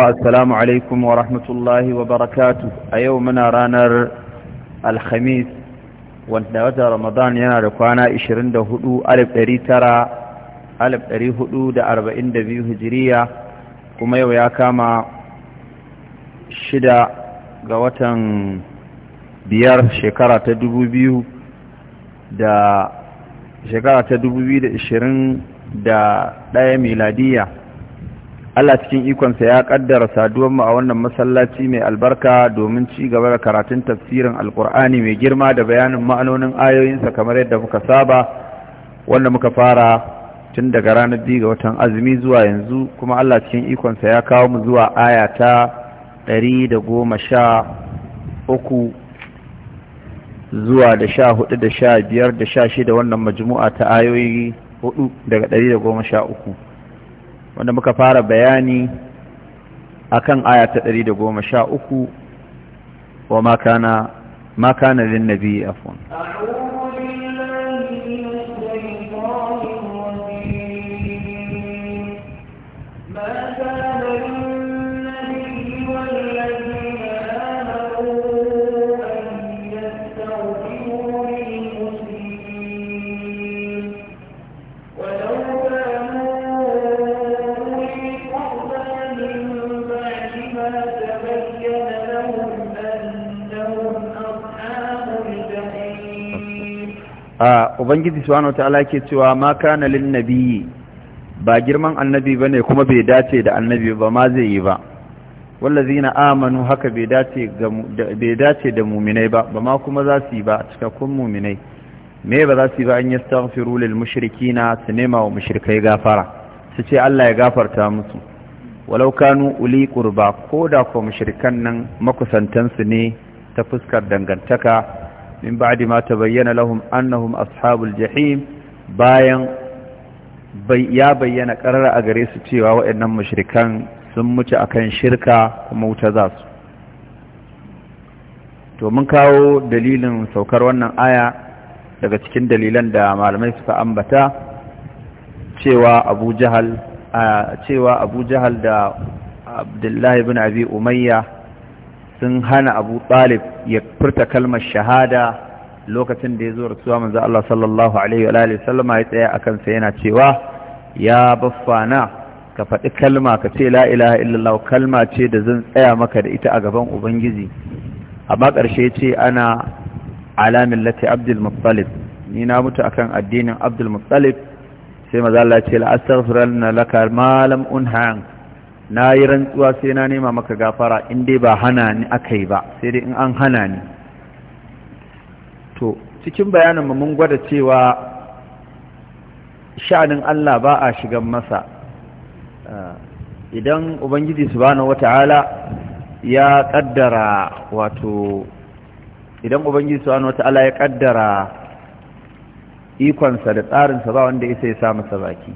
Assalamu alaikum wa rahmatullahi wa barakatu a yau muna ranar alhamis wanda wata ramadan yana da kwana 24,442 hijiriya kuma yau ya kama shida ga watan biyar shekara ta 2000 da shekara ta 2021 miladiya Allah cikin ikonsa ya kaddara saduwar mu a wannan masallaci mai albarka domin ci gaba da karatun tafsirin alkur'ani mai girma da bayanin ma'anonin ayoyinsa kamar yadda muka saba wanda muka fara tun daga ranar biyu ga watan azumi zuwa yanzu kuma Allah cikin ikonsa ya kawo mu zuwa aya ta ɗari zuwa da sha da sha da sha wannan majmu'a ta ayoyi hudu daga ɗari uku wanda muka fara bayani akan aya ta 113 wa makana kana ma lin nabi a ubangiji subhanahu ta'ala ke cewa ma kana lin nabiyyi ba girman annabi ba ne kuma bai dace da annabi ba ma zai yi ba wallazina amanu haka bai dace da mu'minai ba ba ma kuma za su yi ba cikakkun mu'minai me ba za su yi ba an stafiru lil na su nema wa mashirkai gafara su ce Allah ya gafarta musu walau kanu uli kurba ko da kuwa mashirkan nan makusantansu ne ta fuskar dangantaka min ba'di ma tabayyana lahum annahum ashabul jahim bayan ya bayyana karara a gare su cewa waɗannan mushrikan sun mutu akan shirka kuma wuta za su to mun kawo dalilin saukar wannan aya daga cikin dalilan da malamai suka ambata cewa Abu Jahal cewa Abu Jahal da Abdullahi ibn Abi Umayya sun hana abu ɗalib ya furta kalmar shahada lokacin da ya zo rasuwa manzo Allah sallallahu alaihi wa alihi sallama ya tsaya akan sa yana cewa ya baffana ka faɗi kalma ka ce la ilaha illallah kalma ce da zan tsaya maka da ita a gaban ubangiji amma ƙarshe ce ana alamin lati abdul muttalib ni na mutu akan addinin abdul muttalib sai maza Allah ce la astaghfiranna laka ma lam unha na yi rantsuwa sai na nema maka gafara in dai ba hana ni aka yi ba sai dai in an hana ni to cikin bayanin mu mun gwada cewa sha'anin Allah ba a shigan masa eh, idan ubangiji subhanahu wata'ala ya kaddara wato idan ubangiji subhanahu wata'ala ya kaddara ikonsa da tsarinsa ba wanda isa ya sa masa baki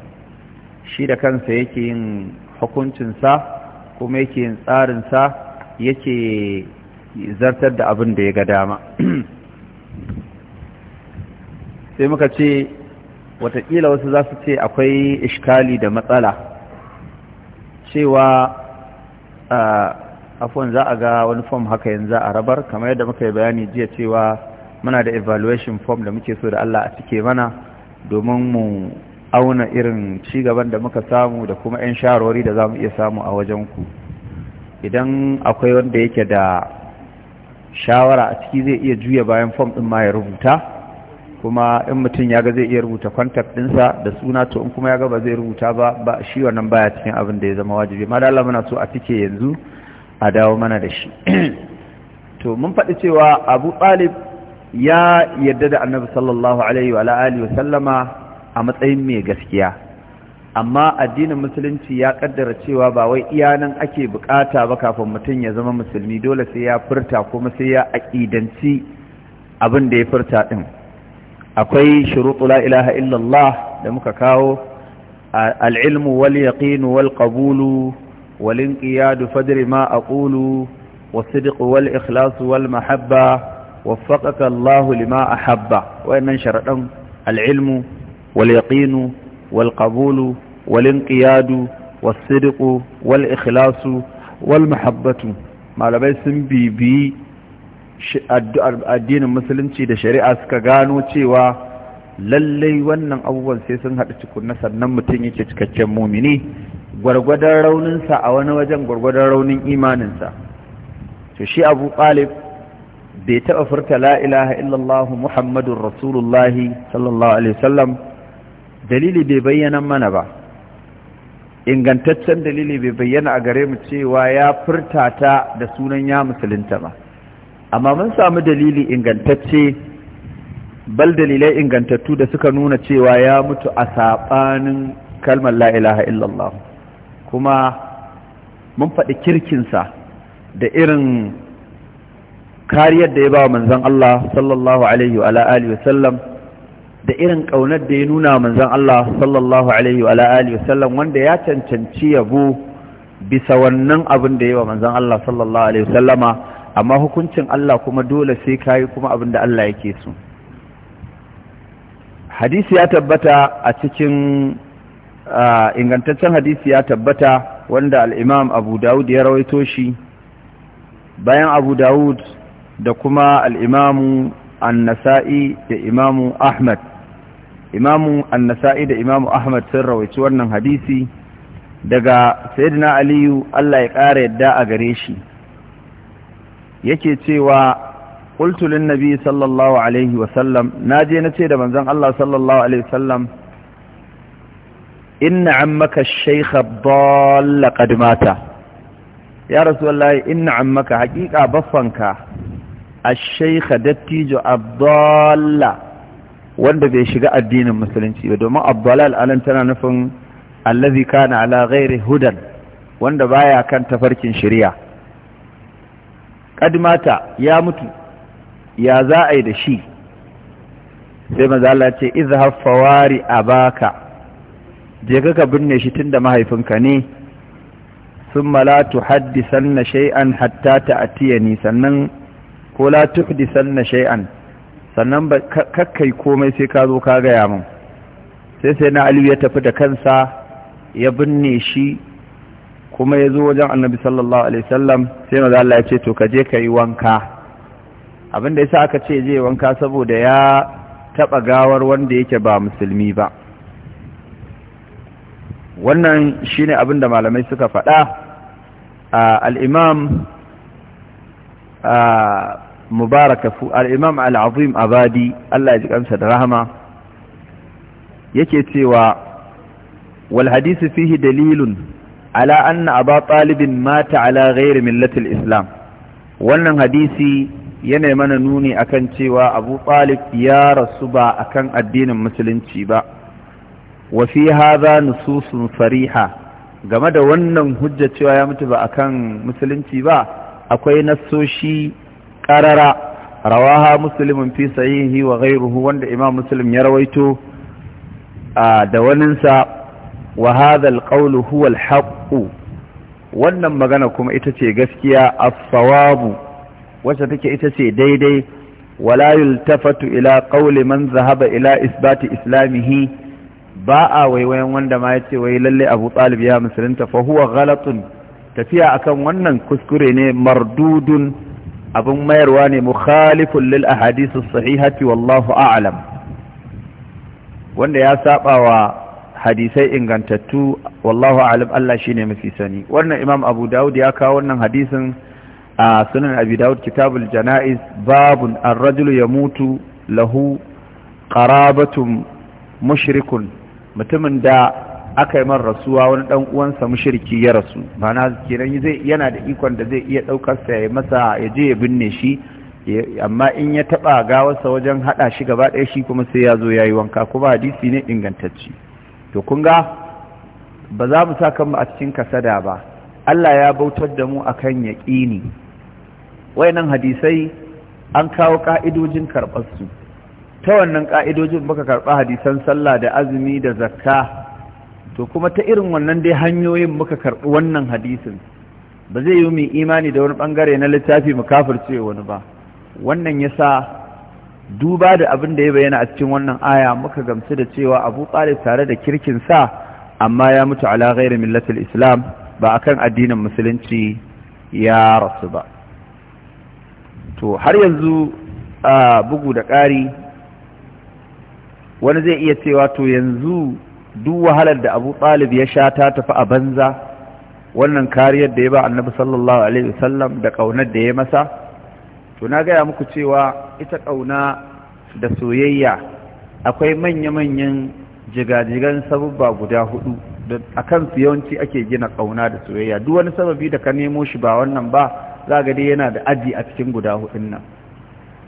shi da kansa yake yin hukuncinsa kuma yake yin tsarinsa yake zartar da abin da ya ga dama sai muka ce watakila wasu za su ce akwai ishkali da matsala cewa afon za a ga wani fom haka yanzu a rabar kamar yadda muka yi bayani jiya cewa muna da evaluation form da muke so da Allah a cike mana domin mu auna irin cigaban da muka samu da kuma 'yan shawarwari da za mu iya samu a wajenku idan akwai wanda yake da shawara a ciki zai iya juya bayan fom ɗin ma ya rubuta kuma in mutum ya ga zai iya rubuta kwantak ɗinsa da suna to in kuma ya ga ba zai rubuta ba ba shi wannan baya cikin abin da ya zama wajibi ma Allah muna so a cike yanzu a dawo mana da shi to mun faɗi cewa abu ɗalib ya yarda da annabi sallallahu alaihi wa alihi wa sallama a matsayin mai gaskiya amma addinin musulunci ya kaddara cewa ba wai iyanan ake bukata ba kafin mutum ya zama musulmi dole sai ya furta kuma sai ya aqidanci abin da ya furta din akwai shuruɗu la ilaha illallah da muka kawo al al-ilmu wal yaqin wal qabul wal inqiyad fadri ma aqulu والصدق والإخلاص والمحبة وفقك الله لما أحب وإن شرطا العلم Wal واليقين والقبول والانقياد والصدق والإخلاص والمحبة ما لبي سنبي بي addinin musulunci da shari'a suka gano cewa lallai wannan abubuwan sai sun haɗu tukunna sannan mutum yake cikakken mumini gwargwadon rauninsa a wani wajen gwargwadon raunin imaninsa to shi abu bai taɓa furta la'ilaha illallah muhammadun rasulullahi sallallahu dalili bai bayyana mana ba ingantaccen dalili bai bayyana a gare mu cewa ya furta ta da sunan ya musulunta ba amma mun samu dalili ingantacce bal dalilai ingantattu da suka nuna cewa ya mutu a saɓanin kalmar la'ilaha illallah kuma mun faɗi kirkinsa da irin kariyar da ya ba wa manzon Allah sallallahu alaihi wa wa sallam da irin ƙaunar da ya nuna manzan Allah sallallahu Alaihi wa wasallam wanda ya cancanci yabo bisa wannan abin da yi wa manzan Allah sallallahu Alaihi wasallama amma hukuncin Allah kuma dole sai kayi kuma abin da Allah yake so. Hadisi ya tabbata a cikin ingantaccen hadisi ya tabbata wanda al'imam Abu Dawud ya rawaito shi bayan Abu Dawud da kuma al'imamu an nasa'i da imamu Ahmad imamu annasa'i da imamu ahmad sun rawaici wannan hadisi daga sayyidina aliyu allah ya ƙara yadda a gare shi yake cewa qultu lin nabi sallallahu alaihi wasallam naje nace da manzon Allah sallallahu alaihi wasallam inna ammaka ash-shaykh dalla qad mata ya rasulullahi inna ammaka haqiqa baffanka a shaykh dattijo abdalla wanda bai shiga addinin musulunci ba domin abdalal alan tana nufin allazi kana ala ghairi hudan wanda baya kan tafarkin shari'a kadmata ya mutu ya za a yi da shi sai maza Allah ce izhab fawari abaka je ka ka binne shi tunda mahaifinka ne ثم لا تحدثن شيئا حتى تأتيني سنن ولا تحدثن شيئا sannan kakkai komai sai ka zo ka gaya min sai sai na aliyu ya tafi da kansa ya binne shi kuma ya zo wajen annabi sallallahu alaihi sallam sai maza Allah ya ce to ka je ka yi wanka abinda ya sa aka ce je wanka saboda ya taɓa gawar wanda yake ba musulmi ba wannan shine ne abinda malamai suka faɗa al'imam mubaraka fu al-imam abadi Allah ya ji kamsa da rahama yake cewa wal hadisi fihi dalilun ala anna aba ɗalibin mata ala ghairi millatil islam wannan hadisi yana mana nuni akan cewa abu ya rasu ba akan addinin musulunci ba wafi haza nususun fariha game da wannan hujja cewa ya mutu ba akan musulunci ba akwai nasoshi. ƙarara rawaha muslimin fi sahihi wa ghairuhu wanda imam muslim ya rawaito da waninsa wa hadha alqawlu huwa wannan magana kuma ita ce gaskiya as-sawabu wacce take ita ce daidai wala yultafatu ila qawli man zahaba ila isbati islamihi ba a waiwayen wanda ma yace wai lalle Abu Talib ya musulunta fa huwa ghalatun tafiya akan wannan kuskure ne mardudun abin mayarwa ne mukhalifun lil ahadisu sahihati wallahu a'lam wanda ya saba wa hadisai ingantattu wallahu a'lam Allah shine mafi sani wannan imam abu daud ya kawo wannan hadisin a sunan abi daud kitabul janaiz babun ar-rajulu yamutu lahu qarabatun mushrikun mutumin da aka yi man rasuwa wani ɗan uwansa mushriki ya rasu Bana kenan zai yana da ikon da zai iya daukar sa ya masa ya je ya binne shi amma in ya taba gawarsa wajen haɗa shi gaba ɗaya shi kuma sai ya zo ya yi wanka kuma hadisi ne ingantacci to kun ga ba za mu sa kanmu a cikin kasada ba Allah ya bautar da mu akan yaqini wayannan hadisai an kawo ka'idojin karɓar su ta wannan ka'idojin baka karɓa hadisan sallah da azumi da zakka to kuma ta irin wannan dai hanyoyin muka karɓi wannan hadisin ba zai yi mai imani da wani ɓangare na littafi mu ce wani ba wannan ya sa duba da abin da ya bayyana a cikin wannan aya muka gamsu da cewa abu talib tare da kirkin sa amma ya mutu ala ghairi millatil islam ba akan addinin musulunci ya rasu ba to har yanzu bugu da ƙari wani zai iya cewa to yanzu duk wahalar da abu talib ya sha ta tafi a banza wannan kariyar da ya ba annabi sallallahu alaihi wasallam da ƙaunar da ya masa to na gaya muku cewa ita ƙauna da soyayya akwai manya-manyan jigajigan sabubba guda hudu da a kansu yawanci ake gina ƙauna da soyayya duk wani sababi da ka nemo shi ba wannan ba za ga dai yana da aji a cikin guda hudun nan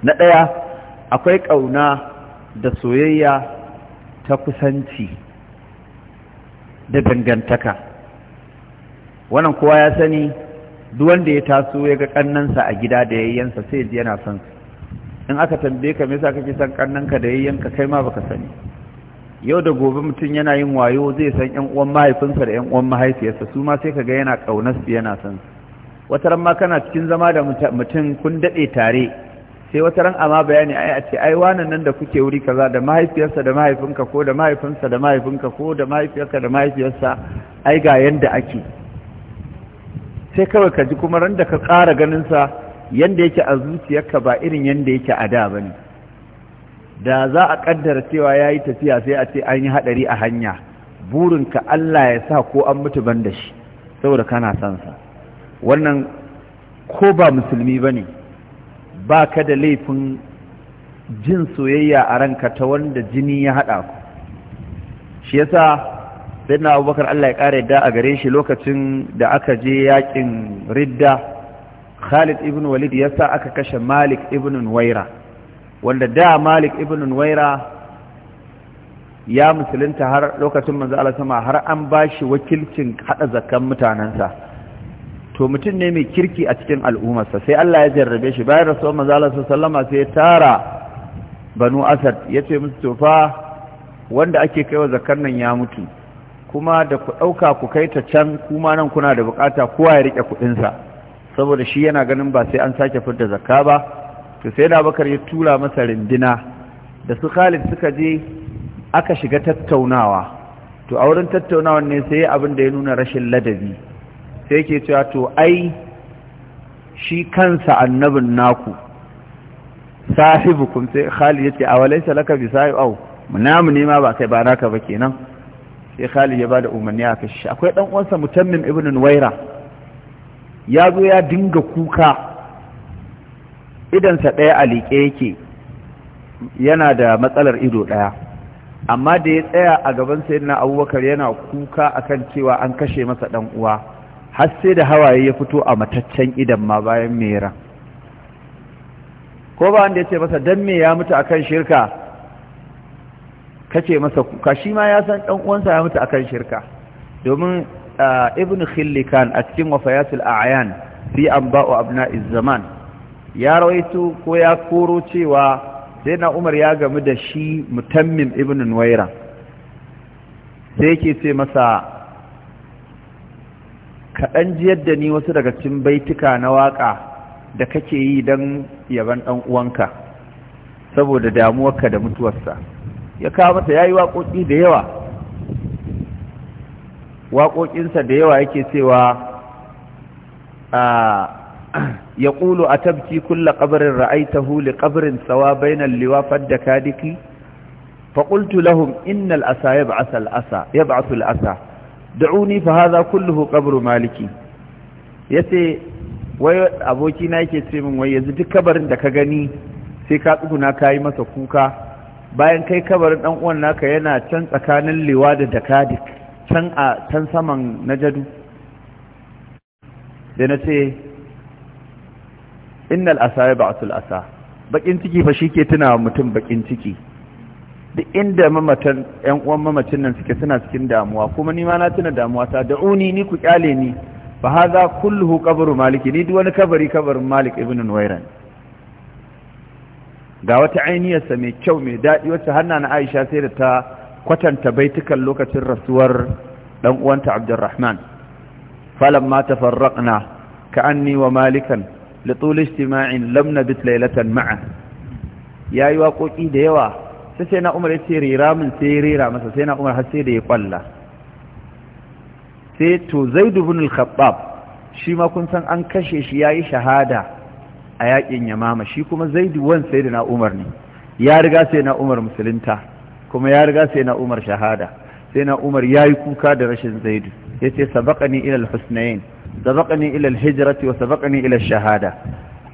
na ɗaya akwai ƙauna da soyayya ta kusanci da dangantaka wannan kowa ya sani duk wanda ya taso ya ga kannansa a gida da yayyansa sai ji yana son in aka tambaye ka me yasa kake son kannanka da yayyanka kai ma baka sani yau da gobe mutum yana yin wayo zai san ƴan uwan mahaifinsa da ƴan uwan mahaifiyarsa su ma sai kaga yana kaunar su yana son wata ran ma kana cikin zama da mutum kun dade tare sai wata ran amma bayani ai a ce ai wannan nan da kuke wuri kaza da mahaifiyarsa da mahaifinka ko da mahaifinsa da mahaifinka ko da mahaifiyarka da mahaifiyarsa ai ga yanda ake sai kawai ka ji kuma ran da ka ƙara ganin sa yanda yake a zuciyarka ba irin yanda yake a da bane da za a kaddara cewa yayi tafiya sai a ce an yi hadari a hanya Burin ka Allah ya sa ko an mutu ban da shi saboda kana son sa wannan ko ba musulmi bane ba ka da laifin jin soyayya a ranka ta wanda jini ya haɗa ku shi yasa sai na abubakar Allah ya ƙara yadda a gare shi lokacin da aka je yakin ridda khalid ibn walid ya sa aka kashe malik ibn waira wanda da malik ibn waira ya musulunta har lokacin manzo Allah sama har an ba shi wakilcin haɗa zakan mutanensa to mutum ne mai kirki a cikin al'ummarsa sai Allah ya jarrabe shi bayan rasuwar mazalar sallama sai ya tara banu asad ya ce musu tofa wanda ake kai wa zakar nan ya mutu kuma da ku ɗauka ku kai ta can kuma nan kuna da bukata kowa ya riƙe kuɗinsa saboda shi yana ganin ba sai an sake fidda zakka ba to sai da bakar ya tura masa rindina da su khalid suka je aka shiga tattaunawa to a wurin tattaunawan ne sai abin da ya nuna rashin ladabi sai ke cewa to ai shi kansa annabin naku sahibukum sai Khalid yace awalaysa laka bi sahi au munamu ne ma ba kai ba naka ba kenan sai Khalid ya bada umarni a kashi akwai dan uwansa mutammim ibn waira ya zo ya dinga kuka idansa ɗaya a liƙe yake yana da matsalar ido ɗaya amma da ya tsaya a gaban sayyidina Abubakar yana kuka akan cewa an kashe masa dan uwa har sai da hawaye ya fito a mataccen idan ma bayan mera ko ba wanda ya ce masa dan me ya mutu akan shirka kace masa ka shi ma ya san dan uwansa ya mutu akan shirka domin ibn khillikan a cikin wafayatul a'yan fi anba'u abna'iz zaman ya rawaito ko ya koro cewa sai na umar ya gamu da shi mutammim ibn nuwaira sai yake ce masa kaɗan jiyar da ni wasu daga cikin baituka na waƙa da kake yi don yaban ɗan uwanka saboda damuwarka da mutuwarsa ya kawo masa ya yi waƙoƙi da yawa waƙoƙinsa da yawa yake cewa ya ƙulu a tabci kulla ƙabarin ra'aita huli, ƙabarin tsawa bainan liwafar da kadiki faƙultu lahum innal asa ya ba'asa da'uni fa hadha kulluhu qabru maliki yace wai aboki na yake ce min wai yanzu duk kabarin da ka gani sai ka tsuguna kayi masa kuka bayan kai kabarin dan uwan naka yana can tsakanin liwa da dakadik can a can saman najadu da na ce innal asaya asa bakin ciki fa shike tuna mutum bakin ciki duk inda mamatan ƴan uwan mamacin nan suke suna cikin damuwa kuma ni ma na tuna damuwa ta da uni ni ku kyale ni fa hadha kulluhu qabru maliki ni duk wani kabari kabarin malik ibn nuwairan ga wata ainiyar sa mai kyau mai daɗi wacce hanna na aisha sai da ta kwatanta baitukan lokacin rasuwar dan uwanta abdurrahman falamma tafarraqna ka'anni wa malikan litul istima'in lam nabit laylatan ma'a yayi waƙoƙi da yawa sai sai na umar ya ce rera min sai ya rera masa sai na umar har sai da ya kwalla sai to zaidu bin al khabab shi ma kun san an kashe shi ya yi shahada a yakin yamama shi kuma zaidu wan sai da na umar ne ya riga sai na umar musulunta kuma ya riga sai na umar shahada sai na umar ya yi kuka da rashin zaidu yace sabaka ni ilal husnayn sabaka ni ilal hijirati wa sabaka ni ilal shahada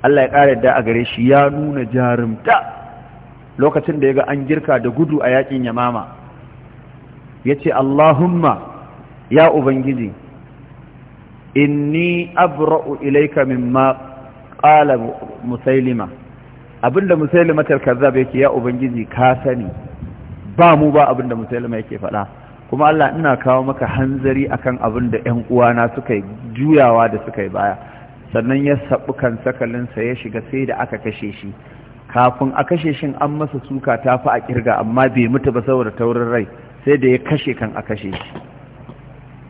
Allah ya ƙara yadda a gare shi ya nuna jarumta lokacin da ya ga an girka da gudu a yakin yamama ya ce Allahumma ya Ubangiji inni abra'u ilaika mimma qala musailima abinda musailima tarkazzab yake ya ubangiji ka sani ba mu ba abinda musailima yake faɗa kuma Allah ina kawo maka hanzari akan abinda ƴan uwana suka juyawa da suka baya sannan ya sabu kan sakalinsa ya shiga sai da aka kashe shi kafin a kashe shin an masa suka ta fi a kirga amma bai mutu ba saboda taurin rai sai da ya kashe kan a kashe shi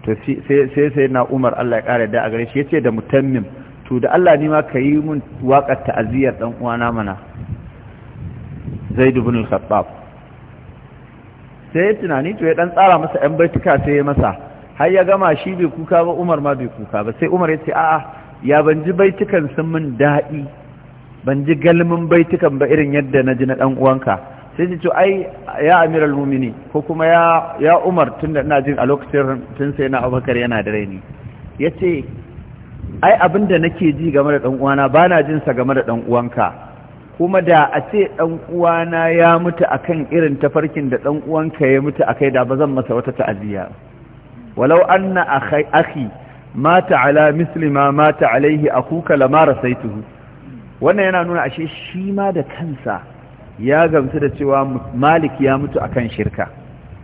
to sai sai na umar Allah ya kare da a gare shi yace da mutammim to da Allah ni ma yi mun waƙar ta'aziyar dan uwana mana Zaid ibn al-Khattab sai tunani to ya dan tsara masa ɗan baituka sai ya masa har ya gama shi bai kuka ba Umar ma bai kuka ba sai Umar ya ce a'a ya ban ji baitukan sun min daɗi ban ji galmin baitukan ba irin yadda na ji na dan uwanka sai ji to ai ya amiral mumini ko kuma ya ya umar tunda ina jin a lokacin tun sai na abubakar yana da raini yace ai abinda nake ji game da dan uwana bana jin sa game da dan uwanka kuma da a ce dan uwana ya mutu akan irin tafarkin da dan uwanka ya mutu akai da ba zan masa wata ta'aziya. walau anna akhi mata ala misli ma mata alaihi akuka lama rasaituhu wannan yana nuna ashe shi ma da kansa ya gamsu da cewa malik ya mutu akan shirka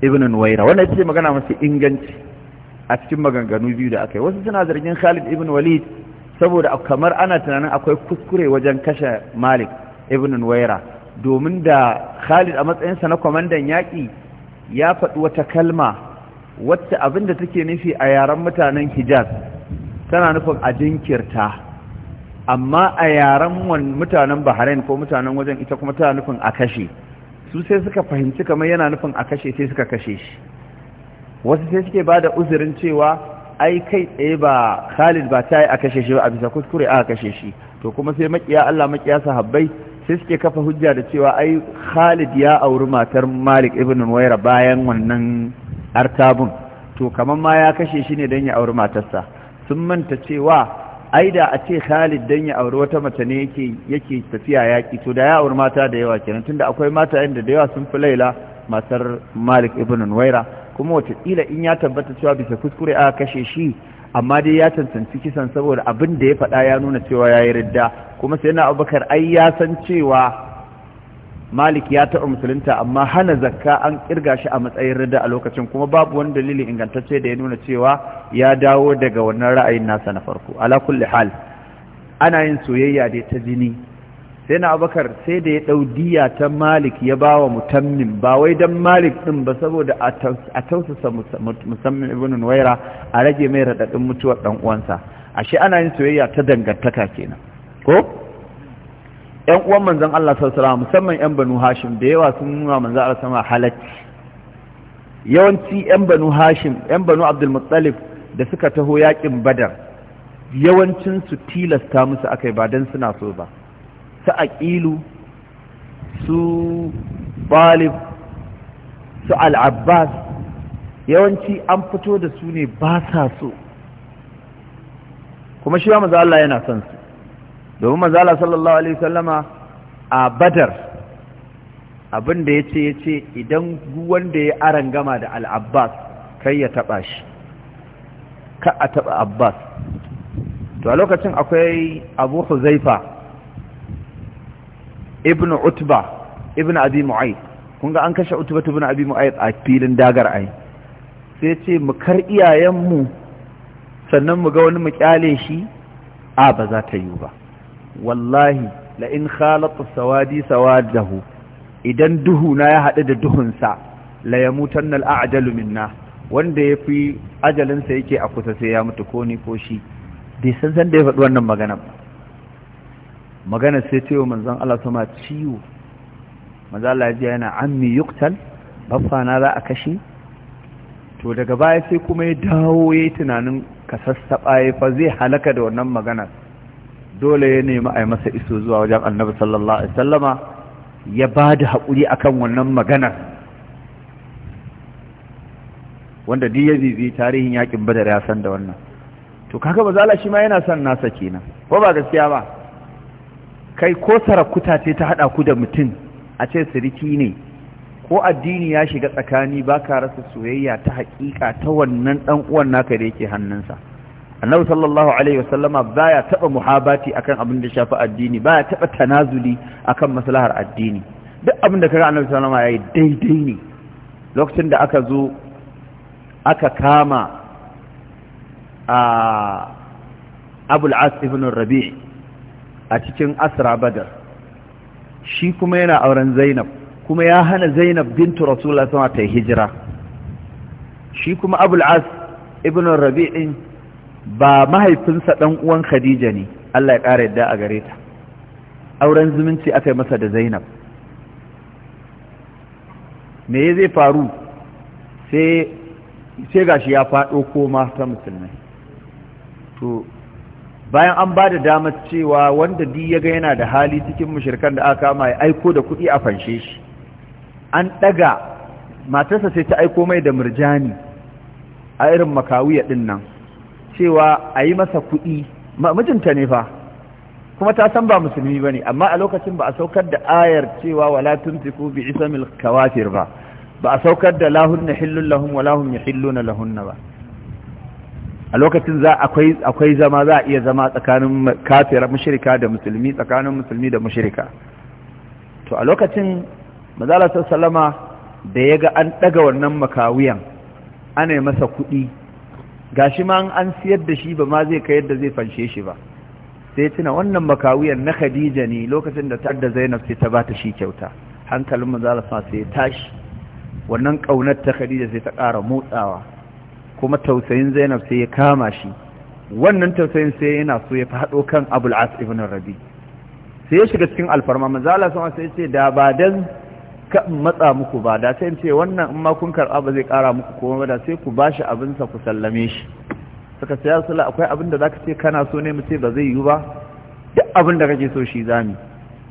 ibn al-Waira. wannan ce magana masu inganci a cikin maganganu biyu da aka yi wasu suna zargin khalid ibn walid saboda kamar ana tunanin akwai kuskure wajen kashe malik ibn al-Waira domin da khalid a matsayinsa na kwamandan yaƙi ya faɗi wata kalma wacce abin da take nufi a yaren mutanen hijaz tana nufin a jinkirta amma a yaren mutanen bahrain ko mutanen wajen ita kuma tana nufin a kashe su sai suka fahimci kamar yana nufin a kashe sai suka kashe shi wasu sai suke ba da uzurin cewa ai kai tsaye ba khalid ba ta yi a kashe shi ba a bisa kuskure aka kashe shi to kuma sai makiya allah makiya sahabbai sai suke kafa hujja da cewa ai khalid ya auri matar malik ibn waira bayan wannan artabun to kamar ma ya kashe shi ne don ya auri matarsa sun manta cewa ai da a ce Khalid dan ya auri wata mace ne yake yake tafiya yaki to da ya auri mata da yawa kenan tunda akwai mata inda da yawa sun fi Laila matar Malik ibn Nuwaira kuma wata kila in ya tabbata cewa bisa kuskure a kashe shi amma dai ya tantance kisan saboda abin da ya faɗa ya nuna cewa ya yi ridda kuma sai na Abubakar ai ya san cewa Malik ya taɓa musulunta amma hana zakka an kirga shi a matsayin ridda a lokacin kuma babu wani dalili ingantacce da ya nuna cewa ya dawo daga wannan ra'ayin nasa na farko ala kulli hal ana yin soyayya da ta jini sai na abakar sai da ya ɗau diya ta malik ya ba wa mutammin ba wai dan malik din ba saboda a tausasa musamman ibn nuwaira a rage mai radadin mutuwar ɗan uwansa ashe ana yin soyayya ta dangantaka kenan ko ƴan uwan manzon Allah sallallahu musamman ƴan banu hashim da yawa sun nuna manzon Allah wasallam halacci yawanci ƴan banu hashim ƴan banu abdul muttalib da suka taho yaƙin badar yawancinsu tilasta musu akai ba don suna so ba su aƙilu su balib su al'abbas yawanci an fito da su ne ba sa so kuma shi wa maza Allah yana son su domin maza Allah sallallahu Alaihi sallama a badar abin da ya ce ya ce idan wanda ya aran gama da al'abbas kai ya taɓa shi ka a taɓa abbas to a lokacin akwai abu huzaifa ibn utba ibn abi kun an kashe utba ibn abi a filin dagar ai sai ce mu kar iyayenmu sannan mu ga wani mu kyale shi a ba za ta yi ba wallahi la in khalat sawadi sawadahu idan duhu na ya haɗu da duhunsa la yamutanna al'ajalu minna wanda ya fi ajalinsa yake a kusa sai ya mutu ko ni ko shi bai san san da ya faɗi wannan magana maganar magana sai ce wa manzon Allah sama ciwo manzon Allah ya yana ammi yuktal bafana za a kashe to daga baya sai kuma ya dawo ya yi tunanin ka sassaɓa ya fa zai halaka da wannan magana dole ya nemi a masa iso zuwa wajen annabi sallallahu alaihi sallama ya ba da haƙuri akan wannan maganar wanda duk ya zizi tarihin yakin badar ya san da wannan to kaga bazala shi ma yana son nasa kenan ko ba gaskiya ba kai ko sarakuta ce ta hada ku da mutum a ce siriki ne ko addini ya shiga tsakani ba ka rasa soyayya ta haƙiƙa ta wannan ɗan uwan naka da yake hannunsa annabi sallallahu alaihi wasallama baya taba muhabati akan abin da shafi addini baya taba tanazuli akan maslahar addini duk abin da kaga annabi sallallahu alaihi wasallama yayi daidai ne lokacin da aka zo aka kama a abul as ibn rabi a cikin asra badar shi kuma yana auren zainab kuma ya hana zainab bintu rasulullah sama ta hijira shi kuma abul as ibn rabi'in ba mahaifinsa ɗan uwan khadija ne Allah ya ƙara yadda a gare ta auren zumunci aka yi masa da zainab me zai faru sai sai gashi ya faɗo koma ta musulmai to bayan an ba da damar cewa wanda di ya ga yana da hali cikin mashirkan da aka kama ya aiko da kuɗi a fanshe shi an ɗaga matarsa sai ta aiko mai da murjani a irin makawuya ɗin nan cewa a yi masa kuɗi mijinta ne fa kuma ta san ba musulmi ba ne amma a lokacin ba a saukar da ayar cewa wala tuntiku bi mil kawafir ba ba a saukar da lahunna hillun lahun wa na lahun na ba a lokacin za akwai zama za a iya zama tsakanin kafira mushirika da musulmi tsakanin musulmi da mashirika to a lokacin mazalatar salama da ya ga an ɗaga wannan makawiyan ana yi masa kuɗi ga shi ma an siyar da shi ba ma zai kai yadda zai fanshe shi ba sai tuna wannan makawiyan na Khadija ne lokacin da ta da Zainab sai ta ba ta shi kyauta hankalin mazalatar sai ya tashi wannan ƙaunar ta khadija sai ta ƙara motsawa kuma tausayin zainab sai ya kama shi wannan tausayin sai yana so ya faɗo kan abul as ibn rabi sai ya shiga cikin alfarma manzo Allah sai ya ce da ba dan ka matsa muku ba da sai ce wannan in ma kun karɓa ba zai ƙara muku kuma ba da sai ku bashi abin sa ku sallame shi suka sai ya sula akwai abin da zaka ce kana so ne mu ce ba zai yi ba duk abin da kake so shi zami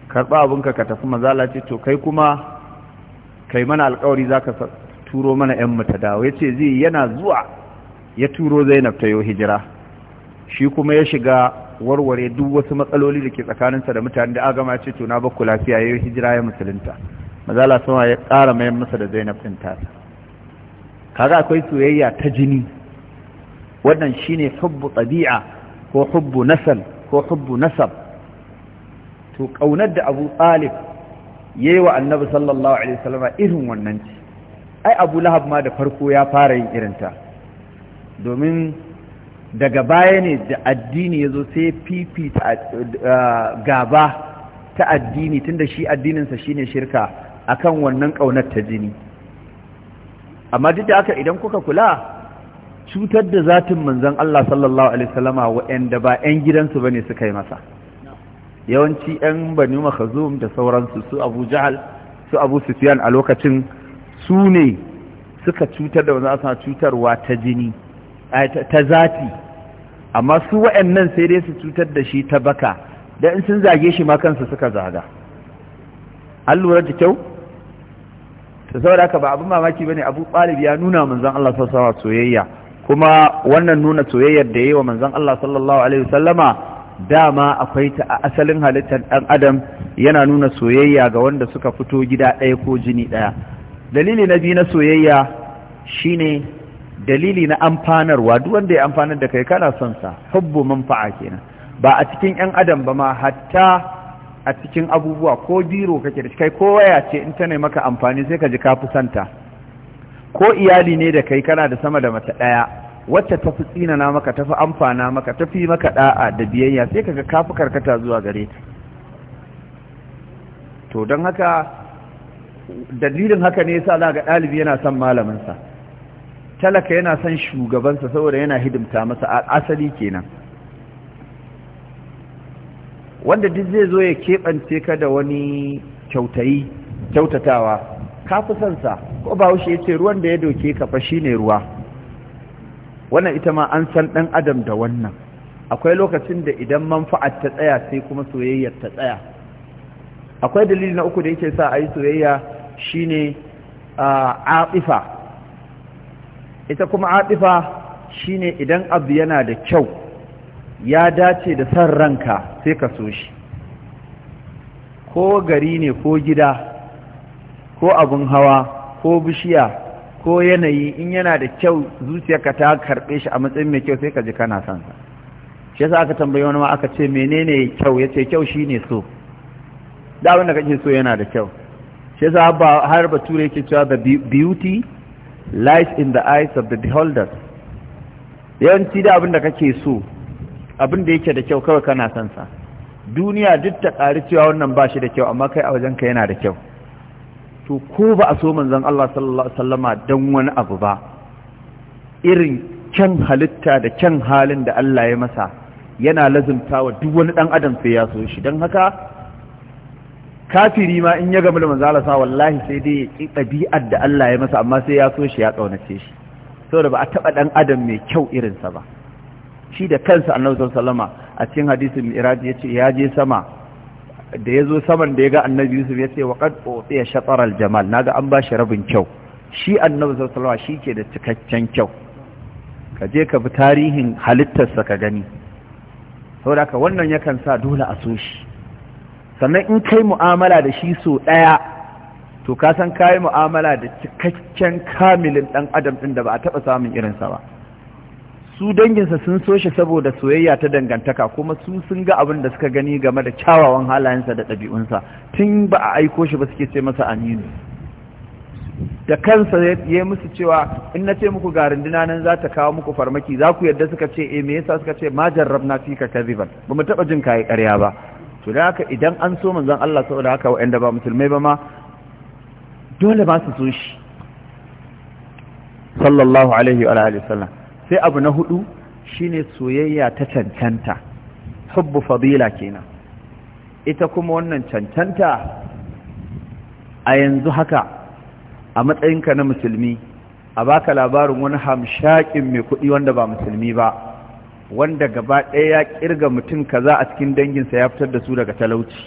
karɓa abinka ka tafi manzo Allah ce to kai kuma kai mana alkawari za ka turo mana 'yan mutadawa dawo ya ce zai yana zuwa ya turo zainab ta yau hijira shi kuma ya shiga warware duk wasu matsaloli da ke tsakaninsa da mutane da agama ce tuna bakku lafiya ya hijira ya musulunta mazala sama ya ƙara mayan masa da zainab ɗin ta kaga akwai soyayya ta jini wannan shine hubbu ɗabi'a ko hubbu nasal ko hubbu nasab to ƙaunar da abu ɗalib yayi wa annabi sallallahu alaihi wasallam irin wannan ci ai abu lahab ma da farko ya fara yin irinta domin daga baya ne da addini ya zo sai fifita uh, gaba ta addini tunda shi addininsa shine shirka akan wannan ƙaunar ta jini amma duk da aka idan kuka kula cutar da zatin manzon Allah sallallahu alaihi wasallama wa'anda ba 'yan gidansu ba ne suka yi masa yawanci 'yan banu makhazum da sauransu su abu jahal su abu sufiyan a lokacin su ne suka cutar da wanzu asana cutarwa ta jini ta zati amma su waɗannan sai dai su cutar da shi ta baka da in sun zage shi ma kansu suka zaga an lura da kyau ta saboda haka ba abin mamaki ba ne abu ɓalib ya nuna manzan Allah sassawa soyayya kuma wannan nuna soyayyar da yi wa manzan Allah sallallahu alaihi wasallama dama akwai ta a asalin halittar ɗan adam yana nuna soyayya ga wanda suka fito gida ɗaya ko jini ɗaya dalili na biyu na soyayya shine dalili na amfanarwa duk wanda ya amfanar da kai kana son sa hubbu manfa'a kenan ba a cikin yan adam ba ma hatta a cikin abubuwa ko biro kake da kai ko waya ce in ta ne maka amfani sai ka ji ka fi santa ko iyali ne da kai kana da sama da mata ɗaya wacce ta fi tsinana maka ta fi amfana maka ta fi maka da'a da biyayya sai kaga ka karkata zuwa gare ta to don haka dalilin haka ne yasa za ga ɗalibi yana son malaminsa talaka yana son shugabansa saboda yana hidimta masa asali kenan wanda duk zai zo ya keɓance ka da wani kyautayi kyautatawa ka fi sansa ko ba wuce ya ce ruwan da ya doke ka fa shine ruwa wannan ita ma an san ɗan adam da wannan akwai lokacin da idan manfa'ar ta tsaya sai kuma soyayyar ta tsaya akwai dalili na uku da yake sa a yi soyayya ne aɗifa ah, ita kuma aɗifa ne idan abu yana da kyau ya dace da san ranka sai ka so shi ko gari ne ko gida ko abin hawa ko bishiya ko yanayi in yana da kyau zuciyarka ta karɓe shi a matsayin mai kyau sai ka ji kana son sa shi yasa aka tambaye wani ma aka ce menene kyau yace kyau shine so da abin da kake so yana da kyau shi yasa har bature yake cewa the beauty lies in the eyes of the beholder yawanci da abin da kake so abin da yake da kyau kawai kana son sa duniya duk ta ƙari cewa wannan ba shi da kyau amma kai a wajenka yana da kyau to ko ba a so manzon Allah sallallahu alaihi wasallama dan wani abu ba irin kyan halitta da kyan halin da Allah ya masa yana lazimta wa duk wani dan adam sai ya so shi dan haka kafiri ma in ya gamu da manzo sa wallahi sai dai yi ɗabi'ar da Allah ya masa amma sai ya so shi ya kaunace shi saboda ba a taɓa ɗan adam mai kyau irinsa ba shi da kansa Annabi sallallahu alaihi wasallama a cikin hadisin Mi'raj yace ya je sama da ya zo saman da ya ga annabi yusuf ya ce wa kad ya shatsar jamal naga an ba shi rabin kyau shi annabi sallallahu shi ke da cikakken kyau ka je ka bi tarihin halittarsa ka gani saboda ka wannan yakan sa dole a so shi sannan in kai mu'amala da shi so ɗaya to ka san kayi mu'amala da cikakken kamilin ɗan adam ɗin da ba a taɓa samun irinsa ba su danginsa sun so saboda soyayya ta dangantaka kuma su sun ga abin da suka gani game da kyawawan halayensa da ɗabi'unsa tun ba a aiko shi ba suke ce masa aminu da kansa ya musu cewa in na ce muku ga runduna nan za ta kawo muku farmaki za ku yadda suka ce e me yasa suka ce ma jarrabna fika kadhiban ba mu taɓa jin kayi ƙarya ba to da haka idan an so manzon Allah saboda haka waɗanda ba musulmai ba ma dole ba su so shi sallallahu alaihi wa alihi wasallam sai abu na hudu shine soyayya ta cancanta hubbu fadila kenan ita kuma wannan cancanta a yanzu haka a matsayinka na musulmi a baka labarin wani hamshakin mai kuɗi wanda ba musulmi ba wanda gaba ɗaya ya kirga mutum kaza a cikin danginsa ya fitar da su daga talauci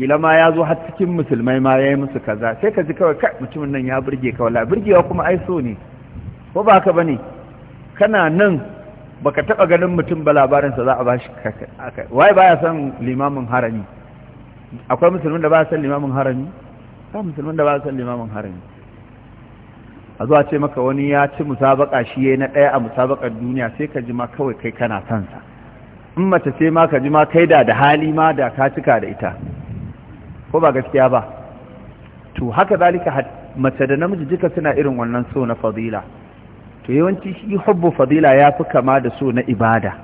ila ma ya zo har cikin musulmai ma ya yi musu kaza sai ka ji kawai kai mutumin nan ya burge ka wala burgewa kuma ai so ne ko ba ka bane kana nan baka taba ganin mutum ba labarinsa za a bashi wai baya son limamin harami akwai musulmin da ba san limamin harami akwai musulmin da ba san limamin harami a zuwa ce maka wani ya ci musabaka shi yayi na daya a musabakar duniya sai ka ji ma kawai kai kana son sa in mace sai ma ka ji ma kai da da hali ma da ka cika da ita ko ba gaskiya ba to haka zalika mace da namiji duka suna irin wannan so na fadila to yawanci shi hubbu fadila ya fi kama da so na ibada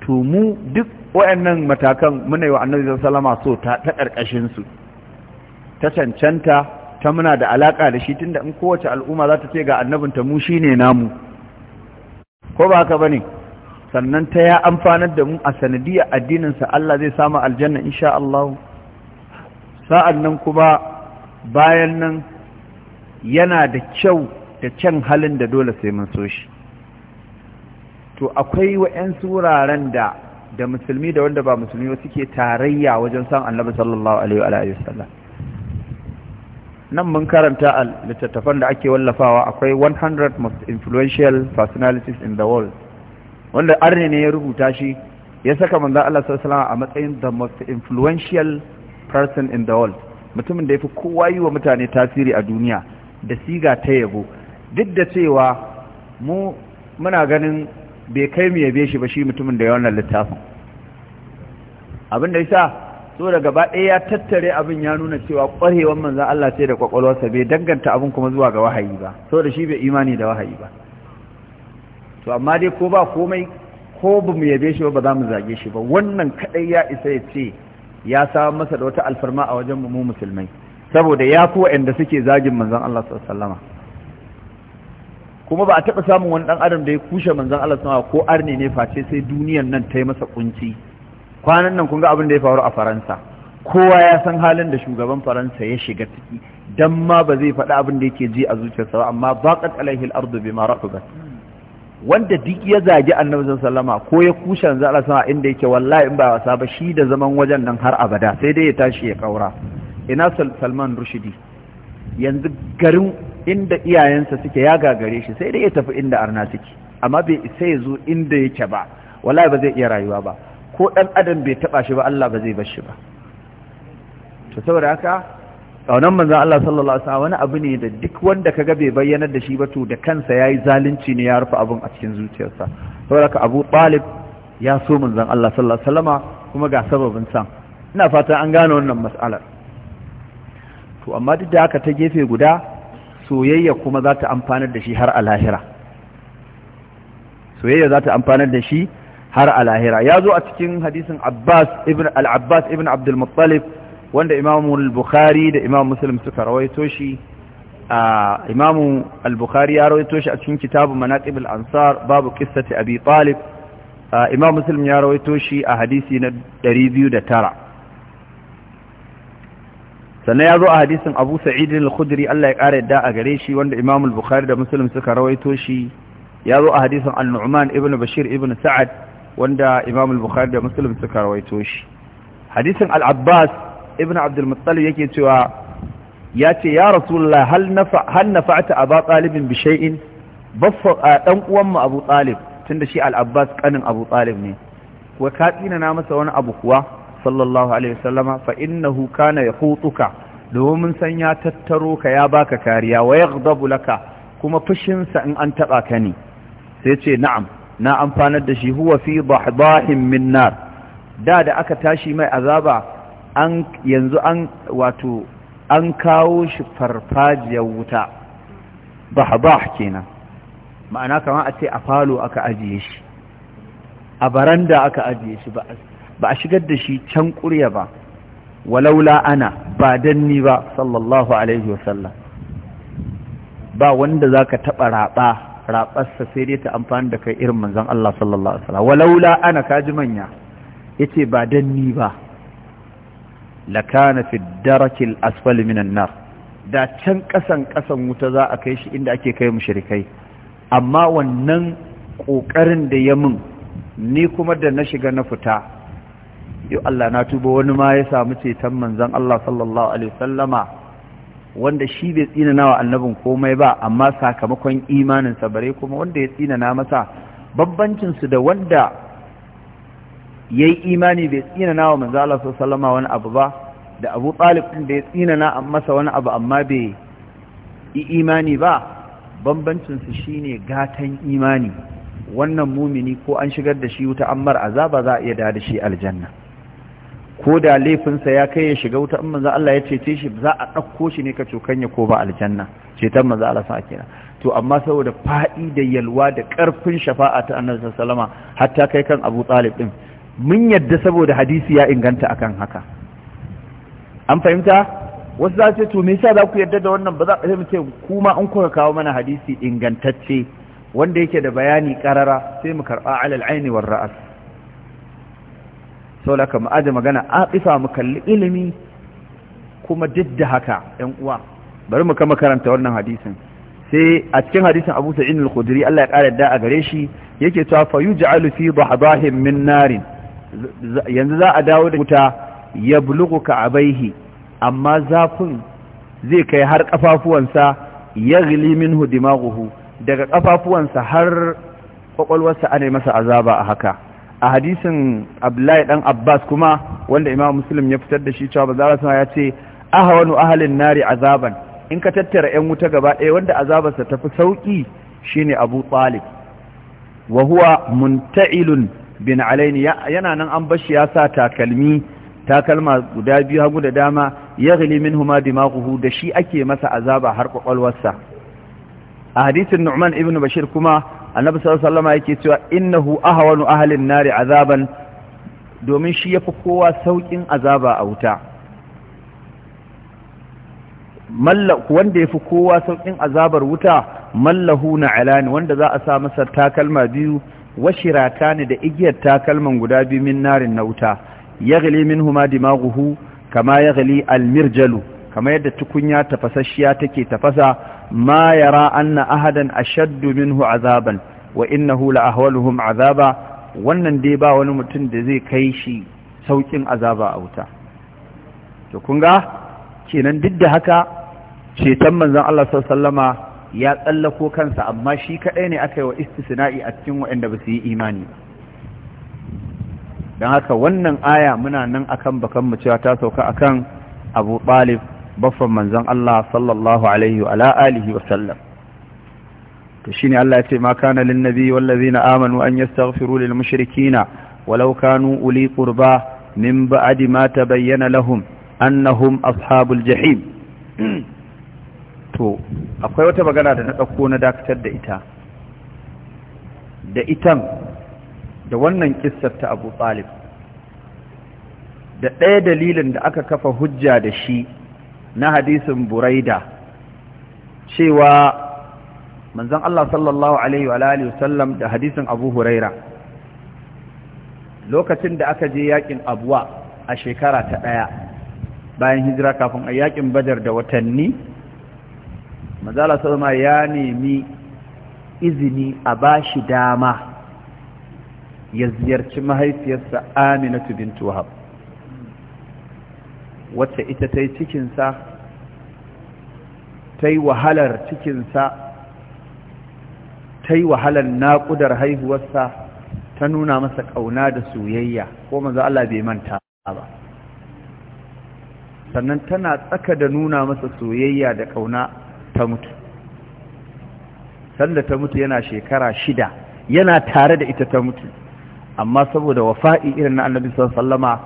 to mu duk wayannan matakan muna yi wa annabi sallama so ta karkashin su ta cancanta ta muna da alaka da shi tunda in kowace al'umma za ta ce ga annabinta mu shine namu ko ba haka bane sannan ta ya amfanar da mu a sanadiyar sa Allah zai samu aljanna insha Allah sa'an nan kuma bayan nan yana da kyau can halin da dole sai mun so shi to akwai wa'yansu wuraren da da musulmi da wanda ba musulmi ba suke tarayya wajen san annabi sallallahu alaihi wa sallam nan mun karanta a littattafan da ake wallafawa akwai 100 most influential personalities in the world wanda arne ne ya rubuta shi ya saka manzo Allah sallallahu alaihi a matsayin the most influential person in the world mutumin da ya fi kowa yi wa mutane tasiri a duniya da siga ta yabo duk da cewa mu muna ganin bai kai mu yabe shi ba shi mutumin da ya wannan littafin abin da yasa so da gaba ɗaya ya tattare abin ya nuna cewa ƙwarewar manzan Allah ce da sa, bai danganta abin kuma zuwa ga wahayi ba so da shi bai imani da wahayi ba to amma dai ko ba komai ko ba mu yabe shi ba ba za mu zage shi ba wannan kaɗai ya isa ya ce ya sa masa da wata alfarma a wajen mu musulmai saboda ya fi waɗanda suke zagin manzan Allah sallallahu alaihi kuma ba a taɓa samun wani ɗan adam da ya kushe manzan Allah sama ko arne ne face sai duniyan nan ta yi masa kunci kwanan nan kun ga abin da ya faru a faransa kowa ya san halin da shugaban faransa ya shiga ciki dan ma ba zai faɗi abin da yake ji a zuciyarsa ba amma baqat alaihi al-ardu bima rahabat wanda duk ya zagi annabi sallama ko ya kushe manzan Allah sama inda yake wallahi in ba wasa ba shi da zaman wajen nan har abada sai dai ya tashi ya kaura ina salman rushidi yanzu garin inda iyayensa suke ya gagare shi sai dai ya tafi inda arna suke amma bai isa ya zo inda yake ba wallahi ba zai iya rayuwa ba ko dan adam bai taba shi ba Allah ba zai bar shi ba to saboda haka kaunan manzon Allah sallallahu alaihi wasallam wani abu ne da duk wanda kaga bai bayyana da shi ba to da kansa yayi zalunci ne ya rufe abun a cikin zuciyarsa saboda haka Abu Talib ya so manzon Allah sallallahu alaihi wasallama kuma ga sababin san ina fatan an gane wannan mas'alar to amma duk da haka ta gefe guda soyayya kuma za ta amfanar da shi har a lahira soyayya za ta amfanar da shi har a lahira ya zo a cikin hadisin abbas ibn al-abbas ibn abdul muttalib wanda imamu al-bukhari da imamu muslim suka rawaito shi a imamu al-bukhari ya rawaito shi a cikin kitabu manaqib al-ansar babu qissati abi talib imamu muslim ya rawaito shi a hadisi na 209 sannan ya zo a hadisin abu sa'id al-khudri Allah ya ƙara yadda a gare shi wanda imam al-bukhari da muslim suka rawaito shi ya zo a hadisin al-nu'man ibn bashir ibn sa'ad wanda imam al-bukhari da muslim suka rawaito shi hadisin al-abbas ibn abd al-muttalib yake cewa ya ce ya rasulullah hal nafa hal nafa'ta aba talibin bi shay'in baffa dan uwan mu abu talib tunda shi al-abbas kanin abu talib ne kuwa ka tsina na masa wani abu kuwa sallallahu alaihi wasallama fa innahu kana yahutuka domin san ya tattaro ka ya baka kariya wa yaghdabu laka kuma fushinsa in an taba ka ne sai ce na'am na amfanar da shi huwa fi dahdahin min da da aka tashi mai azaba an yanzu an wato an kawo shi farfajiyar wuta dahdah kenan ma'ana kamar a ce a falo aka ajiye shi a baranda aka ajiye shi ba ba a shigar da shi can ƙurya ba walaula ana ba danni ba sallallahu alaihi wasallam ba wanda za ka taɓa raɓa raɓarsa sai dai ta amfani da kai irin manzan Allah sallallahu alaihi wasallam walaula ana kaji manya ya ce ba danni ba lakana fi darakil asfali minan nar da can ƙasan ƙasan wuta za a kai shi inda ake kai mushrikai amma wannan ƙoƙarin da ya mun ni kuma da na shiga na fita yau Allah na tuba wani ma ya samu ceton manzan Allah sallallahu alaihi wasallama wanda shi bai tsina wa annabin komai ba amma sakamakon imaninsa bare kuma wanda ya tsina na masa babbancinsu da wanda ya yi imani bai tsina wa manzan Allah sallallahu wani abu ba da Abu Talib ɗin da ya tsina na masa wani abu amma bai yi imani ba bambancin shi ne gatan imani wannan mumini ko an shigar da shi wuta ammar azaba za a iya da shi aljanna ko da laifinsa ya kai ya shiga wuta in manzo Allah ya cece shi za a ɗauko shi ne ka cokanya ko ba aljanna ceton manzo Allah sa kira to amma saboda faɗi da yalwa da karfin shafa'a ta annabi hatta kai kan Abu Talib din mun yadda saboda hadisi ya inganta akan haka an fahimta wasu za ce to me yasa za ku yadda da wannan ba za a mu ce kuma an kuka kawo mana hadisi ingantacce wanda yake da bayani karara sai mu karba alal aini war ra'as sau da kama aji magana atsifa mu kalli ilimi kuma duk da haka ‘yan uwa bari mu kama karanta wannan hadisin sai a cikin hadisin abu sa'in al al-kudiri Allah ya ƙara yadda a gare shi yake cewa fa ba a bahin min narin yanzu za a dawo da wuta bulugu ka baihi amma zafin zai kai har kafafuwansa yaghli min dimaghuhu daga kafafuwansa har kwakwalwarsa ana masa azaba a haka a hadisin abdullahi dan abbas kuma wanda imam muslim ya fitar da shi cewa bazara sama ya ce wani ahalin nari azaban in ka tattara yan wuta gaba ɗaya wanda azabarsa ta sauƙi sauki shine abu talib wa huwa munta'ilun bin alaini yana nan an bashi ya sa takalmi takalma guda biyu hagu da dama ya gili min huma dimaguhu da shi ake masa azaba har kwakwalwarsa a hadisin nu'man ibn bashir kuma annabi sallallahu alaihi wasallam yake cewa innahu ahwanu ahlin nari azaban domin shi yafi kowa saukin azaba a wuta mallaku wanda yafi kowa saukin azabar wuta mallahu na alani wanda za a sa masa takalma biyu washirata ne da igiyar takalman guda biyu min narin na wuta yaghli minhuma dimaguhu kama yaghli almirjalu kamar yadda tukunya tafasasshiya take tafasa ma yara anna ahadan ashaddu minhu azaban wa innahu la ahwaluhum azaba wannan dai ba wani mutum da zai kai shi saukin azaba a wuta to kun ga kenan duk da haka ceton manzon Allah sallama ya tsallako kansa amma shi kadai ne aka yi wa istisna'i a cikin waɗanda ba su yi imani dan don haka wannan aya muna nan akan bakan mu cewa ta sauka akan Abu Talib baffan manzon Allah sallallahu alaihi wa ala alihi wa sallam to shine Allah ya ce ma kana lin nabi wal ladina amanu an yastaghfiru lil mushrikina walau kanu uli qurba min ba'di ma tabayyana lahum annahum ashabul jahim to akwai wata magana da na dauko na dakatar da ita da itan da wannan kissar ta Abu Talib da ɗaya dalilin da aka kafa hujja da shi na hadisin buraida cewa manzon Allah sallallahu alaihi wa alihi wasallam da hadisin Abu Huraira lokacin da aka je yakin Abuwa a shekara ta daya bayan hijira kafin a yakin Badar da watanni manzala sallama ya nemi izini a bashi dama ya ziyarci mahaifiyarsa Aminatu bintu Wahab wacce ita ta yi cikinsa ta yi wahalar cikinsa ta yi wahalar naƙudar haihuwarsa ta nuna masa ƙauna da soyayya ko manzo Allah bai manta ba sannan tana tsaka da nuna masa soyayya da ƙauna ta mutu sanda ta mutu yana shekara shida yana tare da ita ta mutu amma saboda wafa'i irin na annabi sallama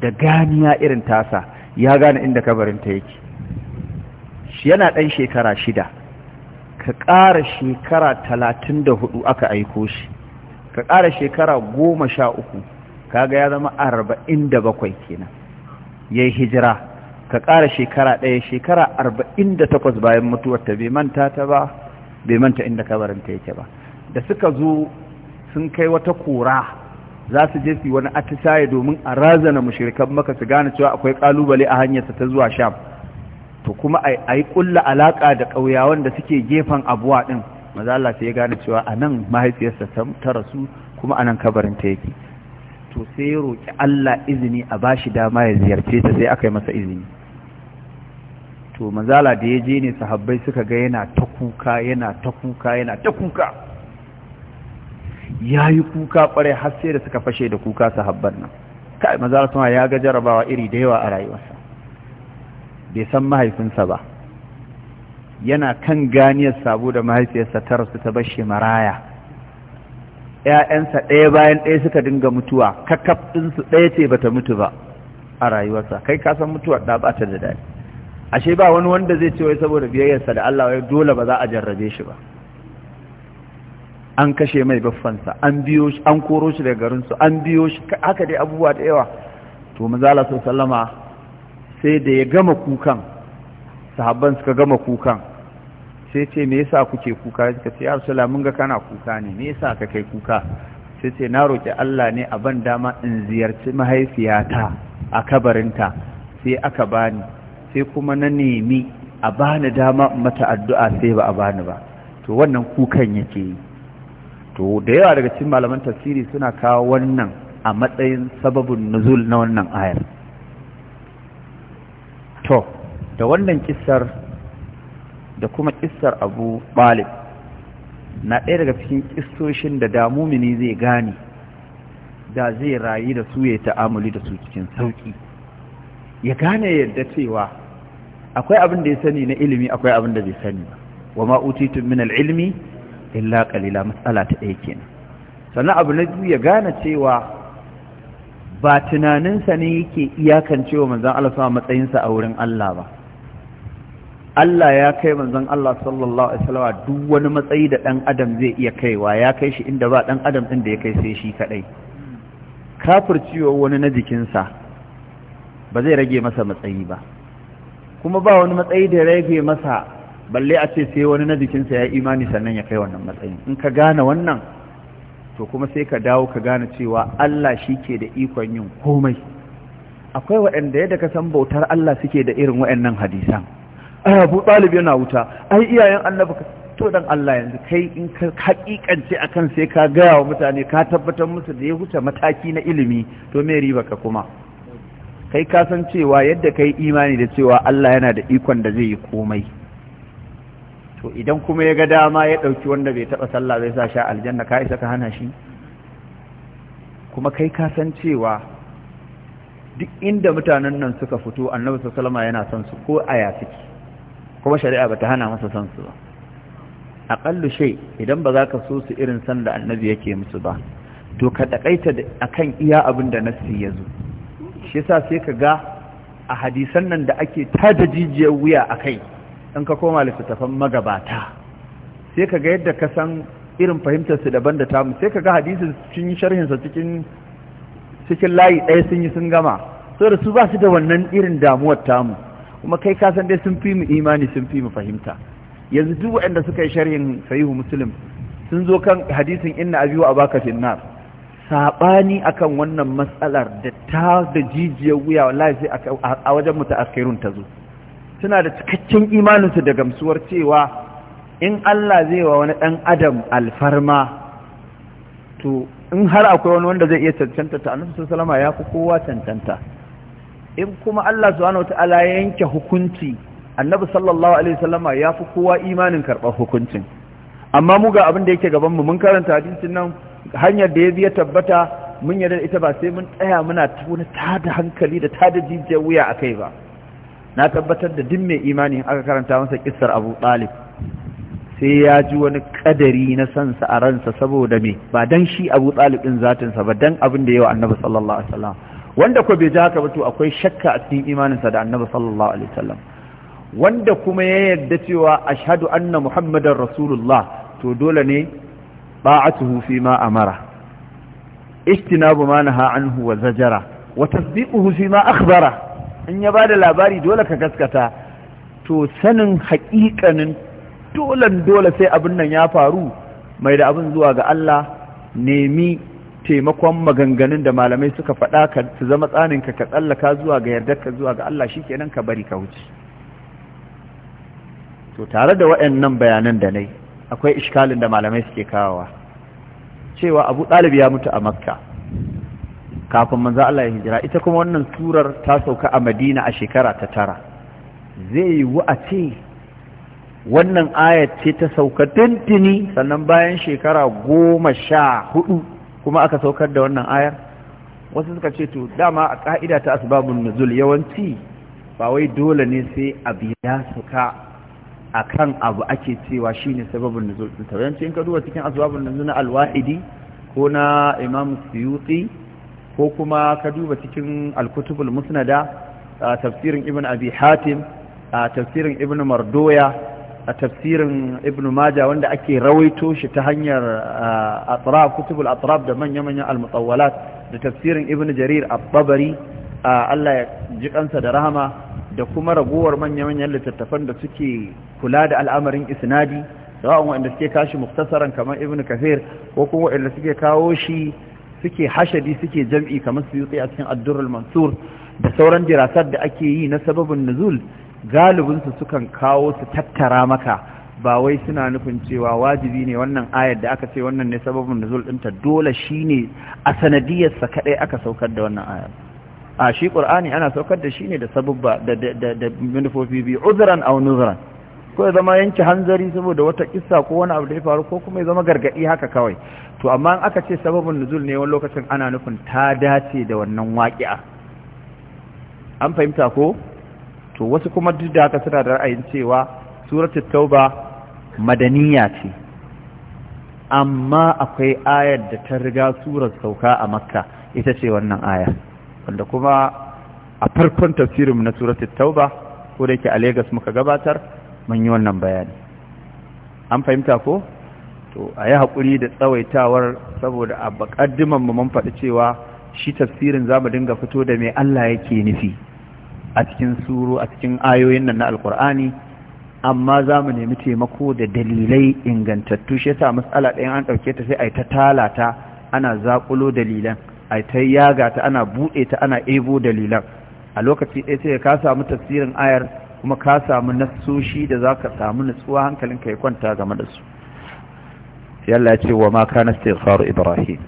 da ganiya irin tasa ya gane inda kabarin ta yake shi yana ɗan shekara shida ka ƙara shekara talatin da hudu aka aiko shi ka ƙara shekara goma sha uku kaga ya zama arba'in da bakwai kenan ya yi hijira ka ƙara shekara ɗaya shekara arba'in da takwas bayan mutuwarta bai manta ta ba bai manta inda kabarinta yake ba da suka zo sun kai wata kura za su je su wani atisaye domin a razana mashirikan maka su gane cewa akwai kalubale a hanyarsa ta zuwa sham to kuma a yi kulla alaka da ƙauyawan da suke gefen abuwa ɗin, maza sai ya gane cewa a nan mahaifiyarsa ta rasu kuma a nan kabarin ta yake to sai ya roƙi Allah izini a ba shi dama ya ziyarce ta sai aka yi masa izini to mazala da ya je ne sahabbai suka ga yana ta kuka yana ta kuka yana ta kuka ya yi kuka kwarai har sai da suka fashe da kuka sahabban nan kai maza suna ya ga jarabawa iri da yawa a rayuwarsa bai san mahaifinsa ba yana kan ganiyar sabo da mahaifiyarsa ta rasu ta bashe maraya ‘ya'yansa ɗaya bayan ɗaya suka dinga mutuwa kakaf ɗinsu ɗaya ce bata mutu ba a rayuwarsa kai ka san mutuwar ɗa ba ta da daɗi ashe ba wani wanda zai ce wai saboda biyayyarsa da Allah wai dole ba za a jarrabe shi ba an kashe mai baffansa an biyo shi an koro shi daga garinsu an biyo shi haka dai abubuwa da yawa to manzala sau sallama sai da ya gama kukan sahabban suka gama kukan sai ce me yasa kuke kuka suka ce ya mun ga kana kuka ne me yasa ka kai kuka sai ce na roƙi Allah ne a ban dama in ziyarci mahaifiyata a kabarinta sai aka bani sai kuma na nemi a bani dama mata addu'a sai ba a bani ba to wannan kukan yake yi to da yawa daga cikin malaman tafsiri suna kawo wannan a matsayin sababin nuzul na wannan ayar to da wannan kissar da kuma kissar abu balib na ɗaya daga cikin kissoshin da damumini zai gane da zai rayu da su ya ta'amuli da su cikin sauƙi ya gane yadda cewa akwai abin da ya sani na ilimi akwai abin da zai sani ba wa ma'utitun min al-ilmi illa qalila matsala ta ɗaya kenan sannan abu na biyu ya gane cewa ba tunaninsa ne yake iyakancewa manzon Allah matsayinsa a wurin Allah ba Allah ya kai manzon Allah sallallahu alaihi wasallam duk wani matsayi da ɗan adam zai iya kaiwa ya kai shi inda ba ɗan adam ɗin da ya kai sai shi kadai ciwo wani na jikinsa ba zai rage masa matsayi ba kuma ba wani matsayi da ya rage masa balle a ce sai wani na jikinsa ya yi imani sannan ya kai wannan matsayin in ka gane wannan to kuma sai ka dawo ka gane cewa Allah shi ke da ikon yin komai akwai waɗanda yadda ka san bautar Allah suke da irin waɗannan hadisan ai abu ɗalib yana wuta ai iyayen annabi to dan Allah yanzu kai in ka hakikance akan sai ka gaya wa mutane ka tabbatar musu da ya wuce mataki na ilimi to me riba ka kuma kai ka san cewa yadda kai imani da cewa Allah yana da ikon da zai yi komai to idan kuma ya ga dama ya ɗauki wanda bai taɓa sallah bai sa sha aljanna ka isa ka hana shi kuma kai ka san cewa duk inda mutanen nan suka fito annabi sallama yana son su ko aya suke kuma shari'a bata hana masa son su ba aqallu shay idan ba za ka so su irin san da annabi yake musu ba to ka da akan iya abin da nassi ya zo shi yasa sai ka ga a hadisan nan da ake tada jijiyar wuya a kai. in ka koma littattafan magabata sai ka ga yadda ka san irin fahimtarsu daban da tamu sai ka ga hadisin sun yi sharhinsa cikin cikin layi ɗaya sun yi sun gama so da su ba su da wannan irin damuwar tamu kuma kai ka san dai sun fi mu imani sun fi mu fahimta yanzu duk waɗanda suka yi sharhin sahihu muslim sun zo kan hadisin inna abi wa abaka Saɓani sabani akan wannan matsalar da ta da jijiyar wuya wallahi sai a wajen mutaakhirun ta zo suna da cikakken imaninsu da gamsuwar cewa in Allah zai wa wani ɗan adam alfarma to in har akwai wani wanda zai iya cancanta ta annabi salama ya fi kowa cancanta in kuma Allah subhanahu wataala ya yanke hukunci annabi sallallahu alaihi wasallama ya fi kowa imanin karɓar hukuncin amma mu ga abin da yake gaban mu mun karanta hadisin nan hanyar da ya biya tabbata mun yarda ita ba sai mun tsaya muna tuna tada hankali da tada jijiyar wuya akai ba na tabbatar da duk mai imani aka karanta masa kissar Abu Talib sai ya ji wani kadari na sansa a ransa saboda me ba don shi Abu Talib din ba dan abin da wa annaba sallallahu alaihi wasallam wanda ko bai ji haka ba to akwai shakka a cikin imaninsa da annaba sallallahu alaihi wasallam wanda kuma ya yarda cewa ashhadu anna muhammadar rasulullah to dole ne ba'atuhu fi ma amara ijtinabu ma naha anhu wa zajara wa tasdiquhu fi ma akhbara in ya bada labari dole ka gaskata to sanin haƙiƙanin dolan dole sai abin nan ya faru mai da abin zuwa ga Allah nemi taimakon maganganun da malamai suka faɗa ka su zama tsaninka ka tsallaka zuwa ga ka zuwa ga Allah shi kenan ka bari ka wuce to tare da waɗannan bayanan da nai akwai iskalin da malamai suke kawowa cewa Abu Talib ya mutu a Makka kafin manzo Allah ya hijira ita kuma wannan surar ta sauka a Madina a shekara ta tara zai yiwu a ce wannan ayat ce ta sauka tuntuni sannan bayan shekara goma sha hudu kuma aka saukar da wannan ayar wasu suka ce to dama a ka'ida ta asbabun nuzul yawanci ba wai dole ne sai abu ya suka akan abu ake cewa shine sababin nuzul ta yawanci in ka duba cikin asbabun nuzul na alwahidi ko na imam suyuti ko kuma ka duba cikin alkutubul musnada a tafsirin ibn abi hatim a tafsirin ibn mardoya a tafsirin ibn maja wanda ake rawaito shi ta hanyar atraf kutubul atraf da manya-manyan almutawwalat da tafsirin ibn jarir at a Allah ya ji kansa da rahama da kuma ragowar manya-manyan littattafan da suke kula da al'amarin isnadi sawa'un wanda suke kashi muktasaran kamar ibn kafir ko kuma waɗanda suke kawo shi suke hashadi suke jam'i kamar su yi a cikin addurul mansur da sauran dirasar da ake yi na sababin nuzul galibinsu sukan kawo su tattara maka ba wai suna nufin cewa wajibi ne wannan ayar da aka ce wannan ne sababin nuzul ɗinta dole shi ne a sanadiyarsa kaɗai aka saukar da wannan ayar a shi ƙur'ani ana saukar da shi ne da sababba da manufofi biyu uzuran au nuzuran ko ya zama yanke hanzari saboda wata kissa ko wani abu da ya faru ko kuma ya zama gargadi haka kawai to amma in aka ce sababin nuzul ne wani lokacin ana nufin ta dace da wannan waƙi'a an fahimta ko to wasu kuma duk da haka suna da ra'ayin cewa suratul tauba madaniya ce amma akwai ayar da ta riga surar sauka a makka ita ce wannan aya wanda kuma a farkon tafsirin na suratul tauba ko da yake a Lagos muka gabatar mun yi wannan bayani an fahimta ko to a yi haƙuri da tsawaitawar saboda a baƙaddiman mu mun faɗi cewa shi tafsirin za mu dinga fito da mai Allah yake nufi a cikin suru a cikin ayoyin nan na alkur'ani amma za mu nemi taimako da dalilai ingantattu shi yasa matsala ɗayan an ɗauke ta sai a yi ta talata ana zaƙulo dalilan a ta yaga ta ana buɗe ta ana ebo dalilan a lokaci ɗaya sai ka samu tafsirin ayar kuma ka samu nasoshi da za ka samu nutsuwa hankalinka ya kwanta game da su yalla ya ce wa ma kana istighfar ibrahim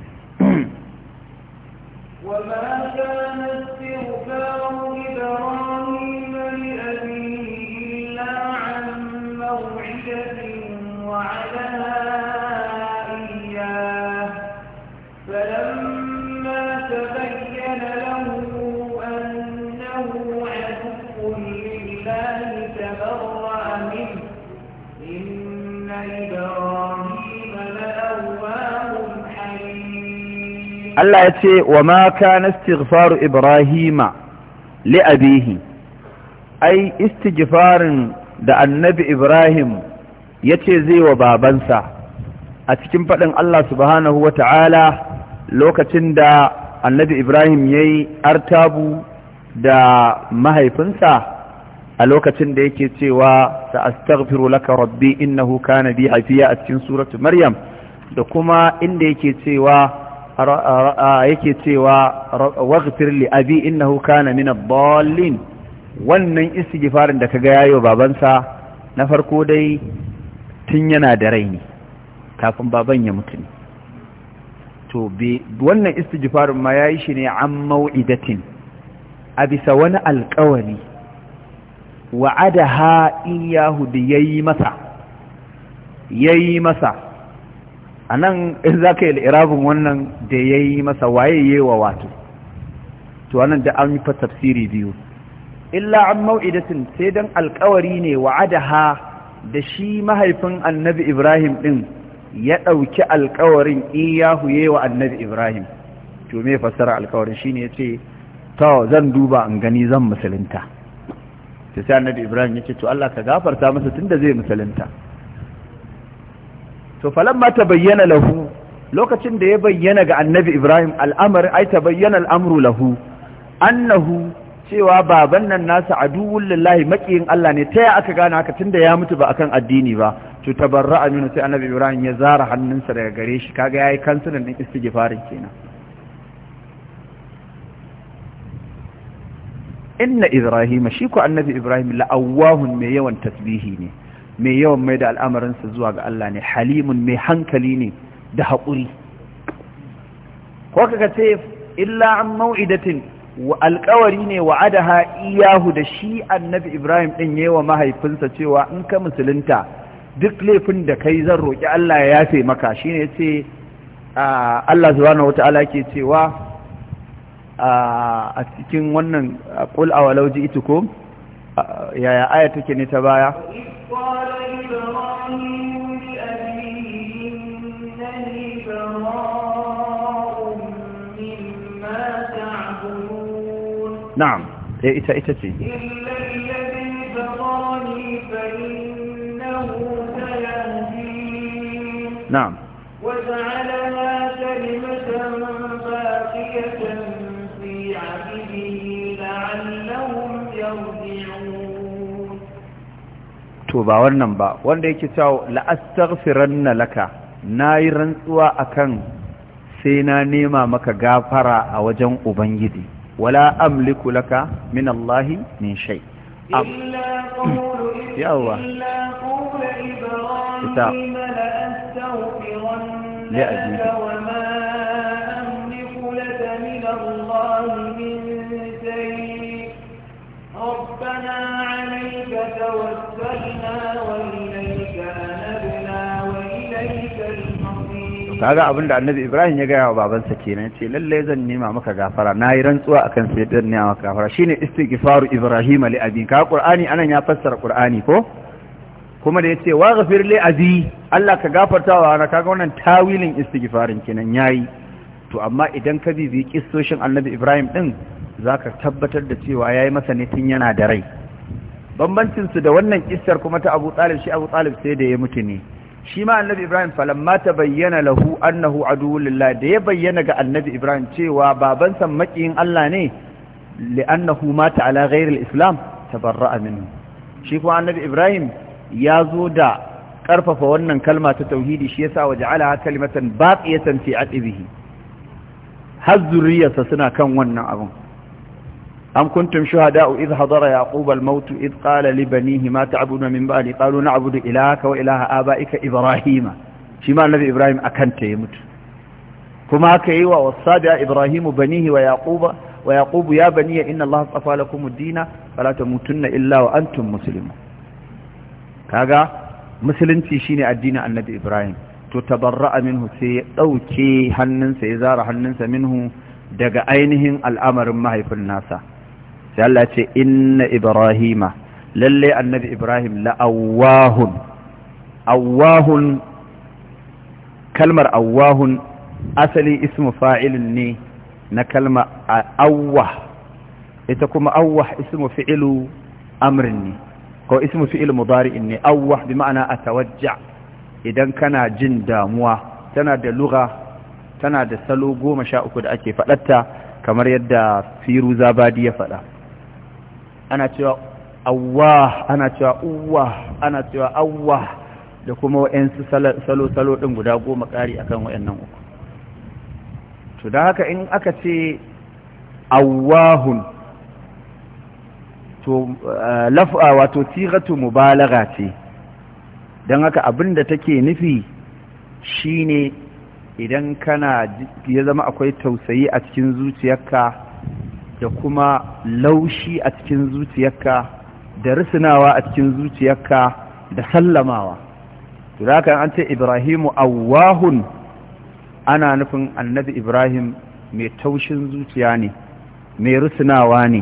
Allah ya ce wa ma na istighfaru ibrahima li'abihi ai istighfarin da annabi ibrahim yace zai wa babansa a cikin faɗin Allah subhanahu ta'ala lokacin da annabi ibrahim yayi artabu da mahaifinsa a lokacin da yake cewa sa astaghfiru laka rabbi innahu kana bi afiya a cikin suratu maryam da kuma inda yake cewa yake cewa waghfir li abi innahu kana min ad-dallin wannan istighfarin da kaga yayo babansa na farko dai tun yana da rai ne kafin baban ya mutu ne to wannan istighfarin ma yayi shi ne an mau'idatin a bisa wani alƙawari wa'adaha iyahu da yayi masa yayi masa a nan in za ka yi al'irabin wannan da ya yi masa waye yi wa wato to wannan da an yi fa tafsiri biyu illa an ma'idatin sai don alkawari ne ha da shi mahaifin annabi ibrahim ɗin ya ɗauki alkawarin iyahu yi wa annabi ibrahim to me fassara alkawarin shi ne ya ce to zan duba an gani zan musulunta ta sai annabi ibrahim ya ce to allah ka gafarta masa tun da zai musulunta to falamma bayyana lahu lokacin da ya bayyana ga annabi Ibrahim al'amar ai tabayyana al'amru lahu annahu cewa baban nan nasa aduwwul lillahi makiyin Allah ne taya aka gane haka da ya mutu ba a kan addini ba to barra Aminu sai annabi Ibrahim ya zara hannunsa daga gare shi kaga yayi kansunan din istighfarin kenan inna ibrahim shi ko annabi Ibrahim la'awahun mai yawan tasbihi ne mai yawan mai da al'amarinsa zuwa ga Allah ne halimun mai hankali ne da haƙuri ko ka ce illa an ma'idatin alƙawari ne adaha iyahu da shi annabi Ibrahim ɗin ya yi wa mahaifinsa cewa in ka musulunta duk laifin da kai zan roƙi Allah ya yafe maka Shi ne ce Allah zuwa wata'ala ke cewa a cikin wannan qul awalau yaya aya take ne ta baya قال إبراهيم لأبيه إنني براء مما تعبدون نعم إيه إتا إيه، إيه، إلا الذي فطرني فإنه سيهدين نعم ba wannan ba wanda yake cewa la'astaghfiranna laka nayi rantsuwa akan sai na nema maka gafara a wajen ubangiji wala amliku laka min Allah min shay yawa ita ya ajiyar kaga abinda annabi ibrahim ya gaya wa babansa kenan ce lallai zan nema maka gafara na yi rantsuwa a akan sai zan nema maka gafara shine istighfaru ibrahim li abi ka qur'ani anan ya fassara qur'ani ko kuma da yace wa ghafir li abi Allah ka gafarta wa ana kaga wannan tawilin istighfarin kenan yayi to amma idan ka bibi kissoshin annabi ibrahim din zaka tabbatar da cewa yayi masa ne tun yana da rai bambancin su da wannan kissar kuma ta Abu Talib shi Abu Talib sai da ya mutu ne shi ma annabi ibrahim falamma ta bayyana lahu annahu aduwwul lillah da ya bayyana ga annabi ibrahim cewa baban san makiyin Allah ne li'annahu mata ala ghairi al-islam tabarra'a minhu shi kuma annabi ibrahim ya zo da karfafa wannan kalma ta tauhidi shi yasa waja'alaha kalimatan baqiyatan fi aqibihi har zuriyarsa suna kan wannan abun أم كنتم شهداء إذ حضر يعقوب الموت إذ قال لبنيه ما تعبدون من بعدي قالوا نعبد إلهك وإله آبائك إبراهيم شما النبي إبراهيم أكنت يموت كما كيوا والصابع إبراهيم بنيه ويعقوب ويعقوب يا بني إن الله اصطفى لكم الدين فلا تموتن إلا وأنتم مسلمون كاغا musulunci shine addinin annabi ibrahim to tabarra'a minhu sai ya dauke hannunsa ya zara hannunsa minhu daga ainihin al'amarin mahaifin nasa sai Allah ce inna ibrahima lalle annabi ibrahim la'awahun awahun kalmar awahun asali ismu fa'ilun ne na kalma awah ita kuma awah ismu fi'ilu amrin ne ko ismu fi'ilu mudari'in ne awah bi ma'ana atawajja idan kana jin damuwa tana da lugha tana da salo goma sha uku da ake faɗatta kamar yadda firu zabadi ya faɗa ana cewa Allah ana cewa uwa ana cewa Allah da kuma wa'ansu salo-salo ɗin guda goma ƙari akan wa'annan uku to da haka in aka ce awwahun to eh, lafa wato tiratu mubalaga ce don haka abin da take nufi shine idan kana ya zama akwai tausayi a cikin zuciyarka da kuma laushi a cikin zuciyarka da risinawa a cikin zuciyarka da sallamawa to da haka an ce ibrahimu awwahun ana nufin annabi ibrahim mai taushin zuciya ne mai risinawa ne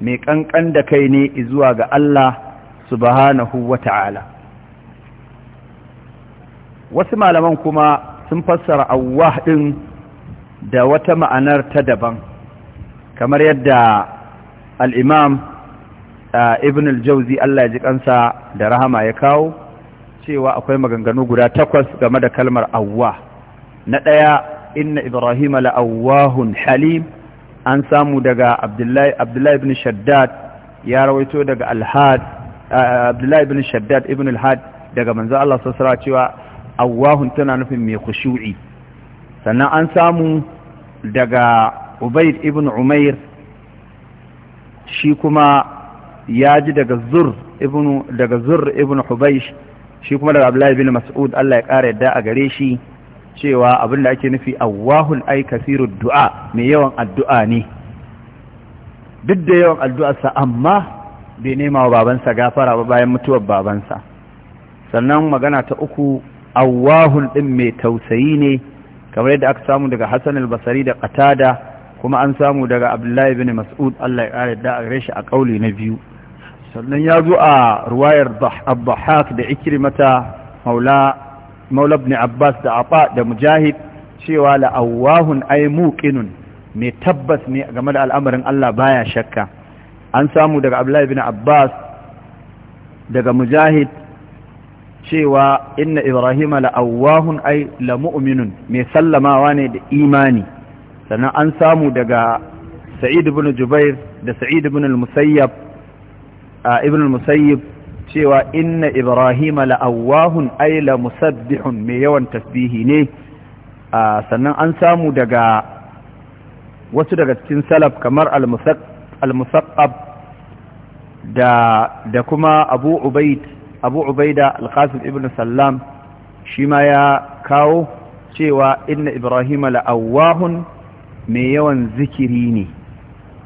mai kankan da kai ne zuwa ga allah subhanahu wata'ala wasu malaman kuma sun fassara awwah din da wata ma'anar ta daban kamar yadda al'imam ibn al-jauzi Allah ya ji ƙansa da rahama ya kawo cewa akwai maganganu guda takwas game da kalmar awwa na ɗaya inna ibrahim la'awahun halim an samu daga abdullahi ibn shaddad ya rawaito daga alhad abdullahi ibn shaddad ibn alhad daga manzo Allah sassara cewa Awwahun tana nufin mai khushu'i sannan an samu daga ubaid ibn umair shi kuma ya ji daga zur ibn daga zur ibn hubaish shi kuma daga abdullahi bin mas'ud Allah ya ƙara yadda a gare shi cewa abin da ake nufi awahun ay kasiru du'a mai yawan addu'a ne duk da yawan sa amma bai nema wa babansa gafara ba bayan mutuwar babansa sannan magana ta uku awahun din mai tausayi ne kamar yadda aka samu daga al Basari da qatada kuma an samu daga abdullahi bin mas'ud Allah ya kare da gare shi a kauli na biyu sannan ya zo a ruwayar abdahak da ikrimata maula maula ibn abbas da afa da mujahid cewa la'awahun ay muqinun mai tabbas ne game da al'amarin Allah baya shakka an samu daga abdullahi bin abbas daga mujahid cewa inna ibrahima la'awahun ay la mu'minun mai sallamawa ne da imani sannan an samu daga sa'id ibn jubair da sa'id ibn al-musayyab ibn al musayyab cewa inna ibrahima la'awahun ay la musabbihun mai yawan tasbihi ne sannan an samu daga wasu daga cikin salaf kamar al-musaqqab da da kuma abu ubaid abu ubaida al-qasim ibn sallam shi ma ya kawo cewa inna ibrahima la'awahun mai yawan zikiri ne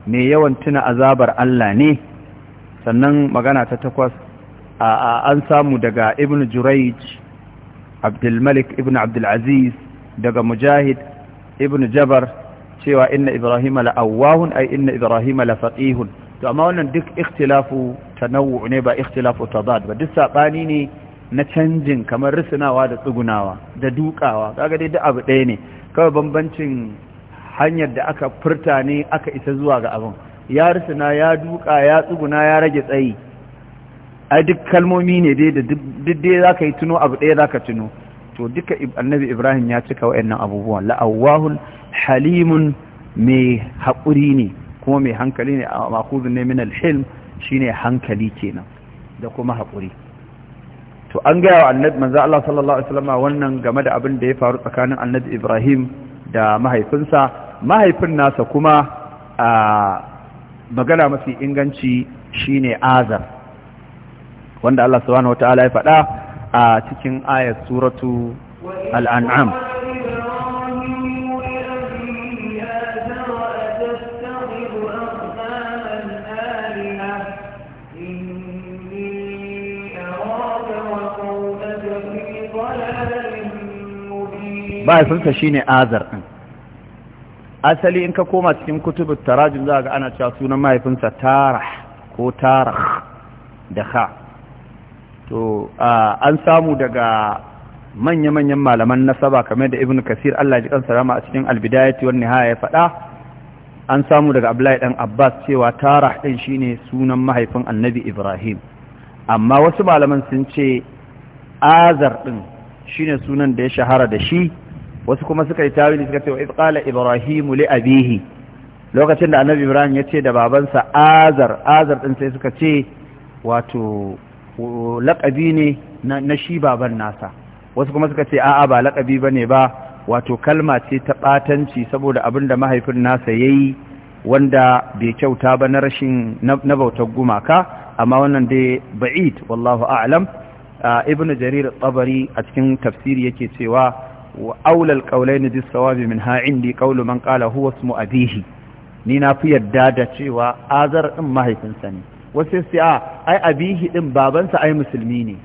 mai yawan tuna azabar Allah ne sannan magana ta takwas an samu daga ibn juraij abdulmalik ibn abdulaziz daga mujahid ibn jabar cewa inna ibrahim awwahun ai inna ibrahim faqihun to amma wannan duk ikhtilafu tanawwu ne ba ikhtilafu tadad ba duk sabani ne na canjin kamar risinawa da tsugunawa da dukawa kaga dai duk abu ɗaya ne kawai bambancin hanyar da aka furta ne aka isa zuwa ga abin ya risina ya duka ya tsuguna ya rage tsayi a duk kalmomi ne dai da duk za ka yi tuno abu ɗaya za ka tuno to duka annabi ibrahim ya cika wa'annan abubuwan la'awahun halimun mai haƙuri ne kuma mai hankali ne a makudin ne min shi shine hankali kenan da kuma haƙuri to an gaya wa annabi manzan Allah sallallahu alaihi wasallam wannan game da abin da ya faru tsakanin annabi Ibrahim da mahaifinsa mahaifin nasa kuma a magana mafi inganci shine azar wanda Allah subhanahu wataala ya faɗa a cikin ayat suratu al-an'am mahaifinsa shine azar din asali in ka koma cikin kutubu tarajim za ga ana cewa sunan mahaifinsa tarah ko tarah da ha to an samu daga manya-manyan malaman nasaba kamar da ibn kasir Allah ji kansa rama a cikin albidayati wani haya ya faɗa an samu daga abdullahi dan abbas cewa tarah ɗin shine sunan mahaifin annabi ibrahim amma wasu malaman sun ce azar ɗin shine sunan da ya shahara da shi wasu kuma suka yi tawili suka ce wa izqala ibrahimu li abihi lokacin da annabi ibrahim ya ce da babansa azar azar din sai suka ce wato laƙabi ne na shi baban nasa wasu kuma suka ce a'a ba laƙabi bane ba wato kalma ce ta ɓatanci saboda abin da mahaifin nasa ya yi wanda bai kyauta ba na rashin na bautar gumaka amma wannan dai ba'id wallahu a'lam ah, ibnu jarir tsabari a cikin tafsiri yake cewa wa aulal qaulaini bis sawabi min ha indi qawlu man qala huwa ismu abihi ni na fi yadda da cewa azar din mahaifinsa ne wasu sai a ai abihi din babansa ai musulmi ne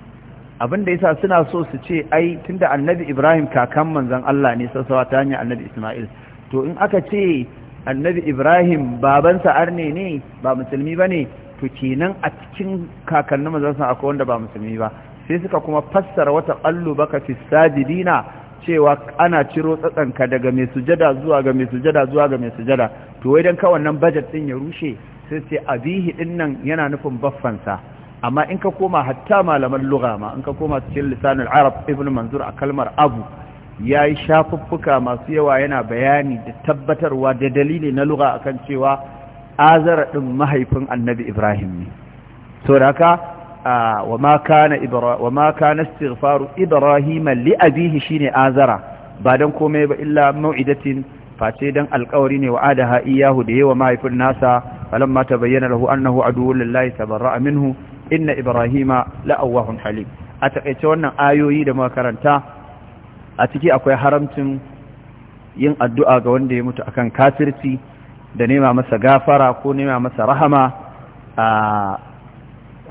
abin da yasa suna so su ce ai tunda annabi ibrahim kakan manzon Allah ne sawa ta hanyar annabi isma'il to in aka ce annabi ibrahim babansa arne ne ba musulmi ba to kenan a cikin kakannin sa akwai wanda ba musulmi ba sai suka kuma fassara wata qallu baka fi sajidina cewa ana ciro tsatsanka daga mai sujada zuwa ga mai sujada zuwa ga mai sujada to wai dan ka wannan budget din ya rushe sai sai abihi din nan yana nufin baffansa amma in ka koma hatta malaman lugha ma in ka koma cikin lisanul arab ibn manzur a kalmar abu yayi shafuffuka masu yawa yana bayani da tabbatarwa da dalili na lugha akan cewa azara din mahaifin annabi ibrahim ne saboda haka wa ma kana istighfaru ibrahima li abihi shine azara ba dan komai ba illa mau'idatin face dan alkawari ne wa adaha iyahu da yawa mahaifin nasa falamma tabayyana lahu annahu aduwwun lillahi tabarra'a minhu inna ibrahima la'awwahun halim a takaice wannan ayoyi da makaranta a ciki akwai haramcin yin addu'a ga wanda ya mutu akan kafirci da nema masa gafara ko nema masa rahama a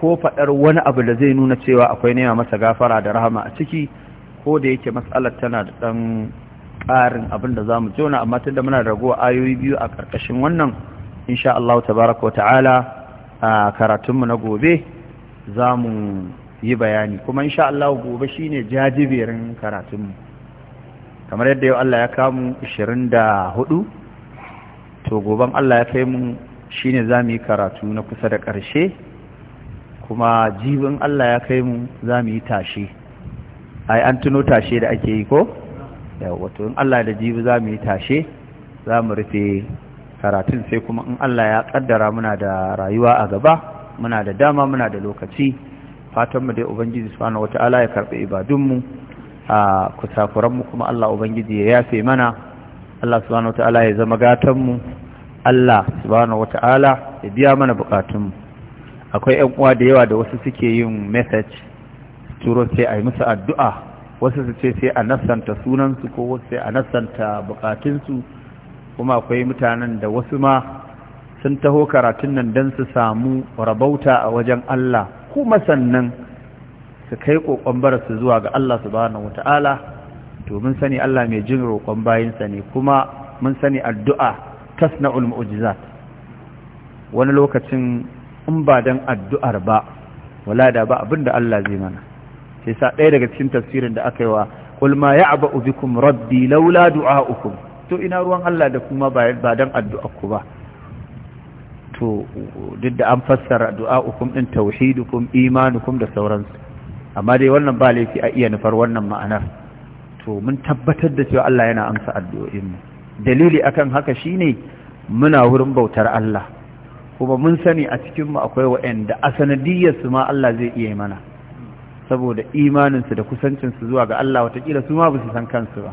ko faɗar wani abu da zai nuna cewa akwai nema masa gafara da rahama a ciki ko da yake matsalar tana da ɗan ƙarin abin da za mu jona amma tunda muna ragowa ayoyi biyu a ƙarƙashin wannan insha Allah tabaraka wa ta'ala a karatunmu na gobe za mu yi bayani kuma insha Allah gobe ne jajiberin karatunmu kamar yadda yau Allah ya kamu 24 to goban Allah ya kai mu shi ne za mu yi karatu na kusa da ƙarshe kuma jibin Allah ya kai mu za mu yi tashe ai an tuno tashe da ake yi ko wato in Allah da jibi za mu yi tashe za mu rufe karatun sai kuma in Allah ya kaddara muna da rayuwa a gaba muna da dama muna da lokaci fatanmu dai ubangiji subhanahu wataala ya karɓi ibadunmu a kusafuranmu kuma Allah ubangiji ya yafe mana Allah subhanahu wataala ya zama gatanmu Allah subhanahu wataala ya biya mana bukatunmu akwai yan uwa da yawa da wasu suke yin message turo sai a musu addu'a wasu su ce sai a nassanta sunansu ko wasu sai a nassanta bukatunsu kuma akwai mutanen da wasu ma sun taho karatun nan don su samu rabauta a wajen Allah kuma sannan su kai kokon su zuwa ga Allah subhanahu wata'ala to mun sani Allah mai jin roƙon bayinsa ne kuma mun sani addu'a tasna'ul mu'jizat wani lokacin in ba dan addu'ar ba wala da ba abinda Allah zai mana sai sa ɗaya daga cikin tafsirin da aka yi wa kulma ma ya'ba'u bikum rabbi laula du'a'ukum to ina ruwan Allah da kuma ba dan addu'ar ku ba to duk da an fassara du'a'ukum din tauhidukum imanukum da sauransu amma dai wannan ba laifi a iya nufar wannan ma'anar to mun tabbatar da cewa Allah yana amsa addu'o'in mu dalili akan haka shine muna wurin bautar Allah kuma mun sani a cikinmu akwai waɗanda a sanadiyyarsu ma Allah zai iya mana saboda imaninsu da kusancinsu zuwa ga Allah watakila su ma ba su san kansu ba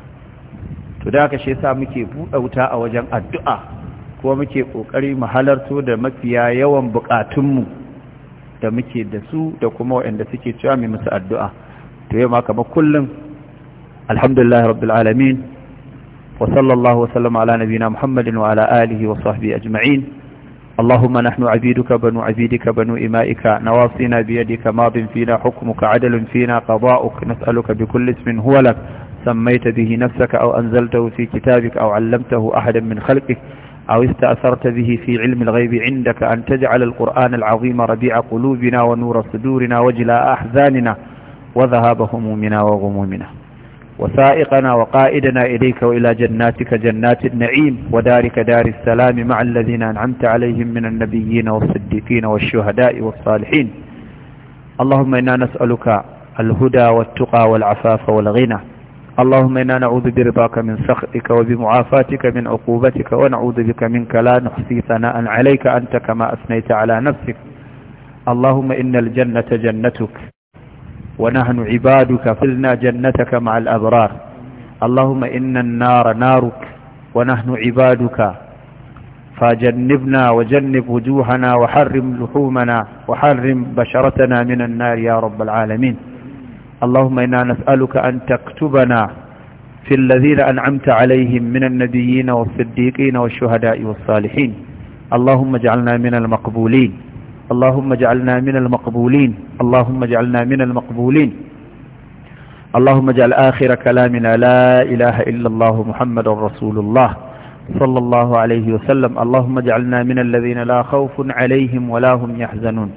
to da haka shi yasa muke buɗe wuta a wajen addu'a kuma muke ƙoƙari mu halarto da mafiya yawan buƙatunmu da muke da su da kuma wa'anda suke cewa mai musu addu'a to yau ma kamar kullum alhamdulillah rabbil alamin wa sallallahu wa ala nabiyina muhammadin wa ala alihi wa sahbihi ajma'in اللهم نحن عبيدك بنو عبيدك بنو إمائك نواصينا بيدك ماض فينا حكمك عدل فينا قضاؤك نسألك بكل اسم هو لك سميت به نفسك أو أنزلته في كتابك أو علمته أحدا من خلقك أو استأثرت به في علم الغيب عندك أن تجعل القرآن العظيم ربيع قلوبنا ونور صدورنا وجلاء أحزاننا وذهاب همومنا وغمومنا وسائقنا وقائدنا إليك وإلى جناتك جنات النعيم ودارك دار السلام مع الذين أنعمت عليهم من النبيين والصديقين والشهداء والصالحين اللهم إنا نسألك الهدى والتقى والعفاف والغنى اللهم إنا نعوذ برضاك من سخطك وبمعافاتك من عقوبتك ونعوذ بك منك لا نحصي ثناء عليك أنت كما أثنيت على نفسك اللهم إن الجنة جنتك ونحن عبادك فلنا جنتك مع الأبرار اللهم إن النار نارك ونحن عبادك فجنبنا وجنب وجوهنا وحرم لحومنا وحرم بشرتنا من النار يا رب العالمين اللهم إنا نسألك أن تكتبنا في الذين أنعمت عليهم من النبيين والصديقين والشهداء والصالحين اللهم اجعلنا من المقبولين اللهم اجعلنا من المقبولين اللهم اجعلنا من المقبولين اللهم اجعل آخر كلامنا لا إله إلا الله محمد رسول الله صلى الله عليه وسلم اللهم اجعلنا من الذين لا خوف عليهم ولا هم يحزنون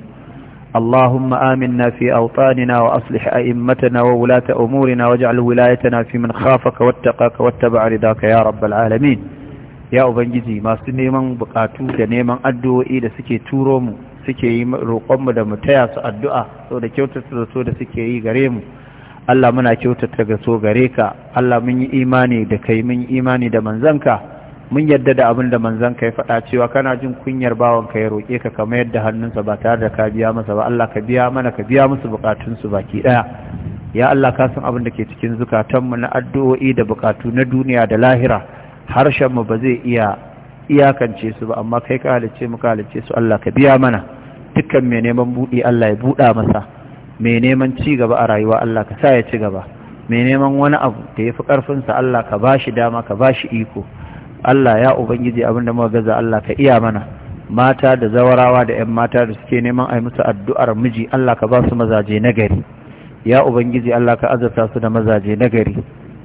اللهم آمنا في أوطاننا وأصلح أئمتنا وولاة أمورنا واجعل ولايتنا في من خافك واتقاك واتبع رضاك يا رب العالمين ya ubangiji masu neman bukatu da neman addu'o'i da suke turo mu suke yi roƙonmu da mu taya su addu'a sau da kyautata da so da suke yi gare mu Allah muna kyautata ga so gare ka Allah mun yi imani da kai mun yi imani da manzanka mun yadda da abin da manzanka ya faɗa cewa kana jin kunyar bawanka ya roƙe ka kamar yadda hannunsa ba tare da ka biya masa ba Allah ka biya mana ka biya musu buƙatunsu baki ɗaya ya Allah ka san abin da ke cikin zukatanmu na addu'o'i da bukatu na duniya da lahira harshenmu ba zai iya iyakance su ba amma kai ka halice mu ka halice su Allah ka biya mana dukkan mai neman buɗe Allah ya buɗa masa mai neman ci gaba a rayuwa Allah ka sa ya ci gaba mai neman wani abu da ya fi ƙarfinsa Allah ka ba shi dama ka ba shi iko Allah ya ubangiji abin da muka gaza Allah ka iya mana mata da zawarawa da 'yan mata da suke neman a yi musu addu'ar miji Allah ka ba su mazaje nagari ya ubangiji Allah ka azurta su da mazaje nagari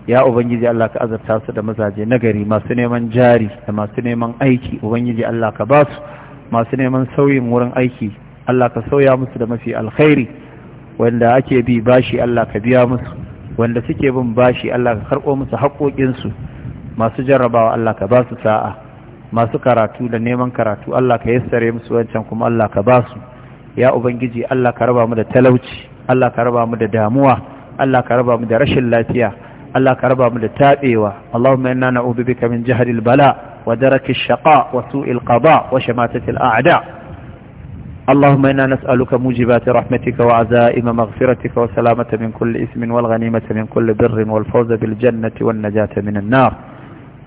ya ubangiji Allah ka azurta su da mazaje nagari masu neman jari da masu neman aiki ubangiji Allah ka ba su masu neman sauyin wurin aiki Allah ka sauya musu da mafi alkhairi wanda ake bi bashi Allah ka biya musu wanda suke bin bashi Allah ka karɓo musu haƙoƙinsu masu jarrabawa Allah ka ba su sa'a masu karatu da neman karatu Allah ka yassare musu wancan kuma Allah ka ba su ya ubangiji Allah ka raba mu da talauci Allah ka raba mu da damuwa Allah ka raba mu da rashin lafiya Allah ka raba mu da taɓewa Allahumma inna na'udhu bika min jahdil bala' ودرك الشقاء وسوء القضاء وشماتة الأعداء اللهم إنا نسألك موجبات رحمتك وعزائم مغفرتك وسلامة من كل إثم والغنيمة من كل بر والفوز بالجنة والنجاة من النار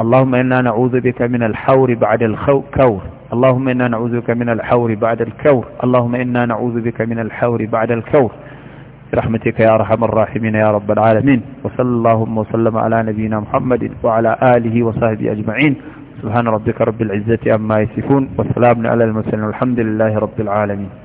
اللهم إنا نعوذ بك من الحور بعد الكور اللهم إنا نعوذ بك من الحور بعد الكور اللهم إنا نعوذ بك من الحور بعد الكور برحمتك يا أرحم الراحمين يا رب العالمين وصلى اللهم وسلم على نبينا محمد وعلى آله وصحبه أجمعين سبحان ربك رب العزة أما يسفون وسلام على المسلم والحمد لله رب العالمين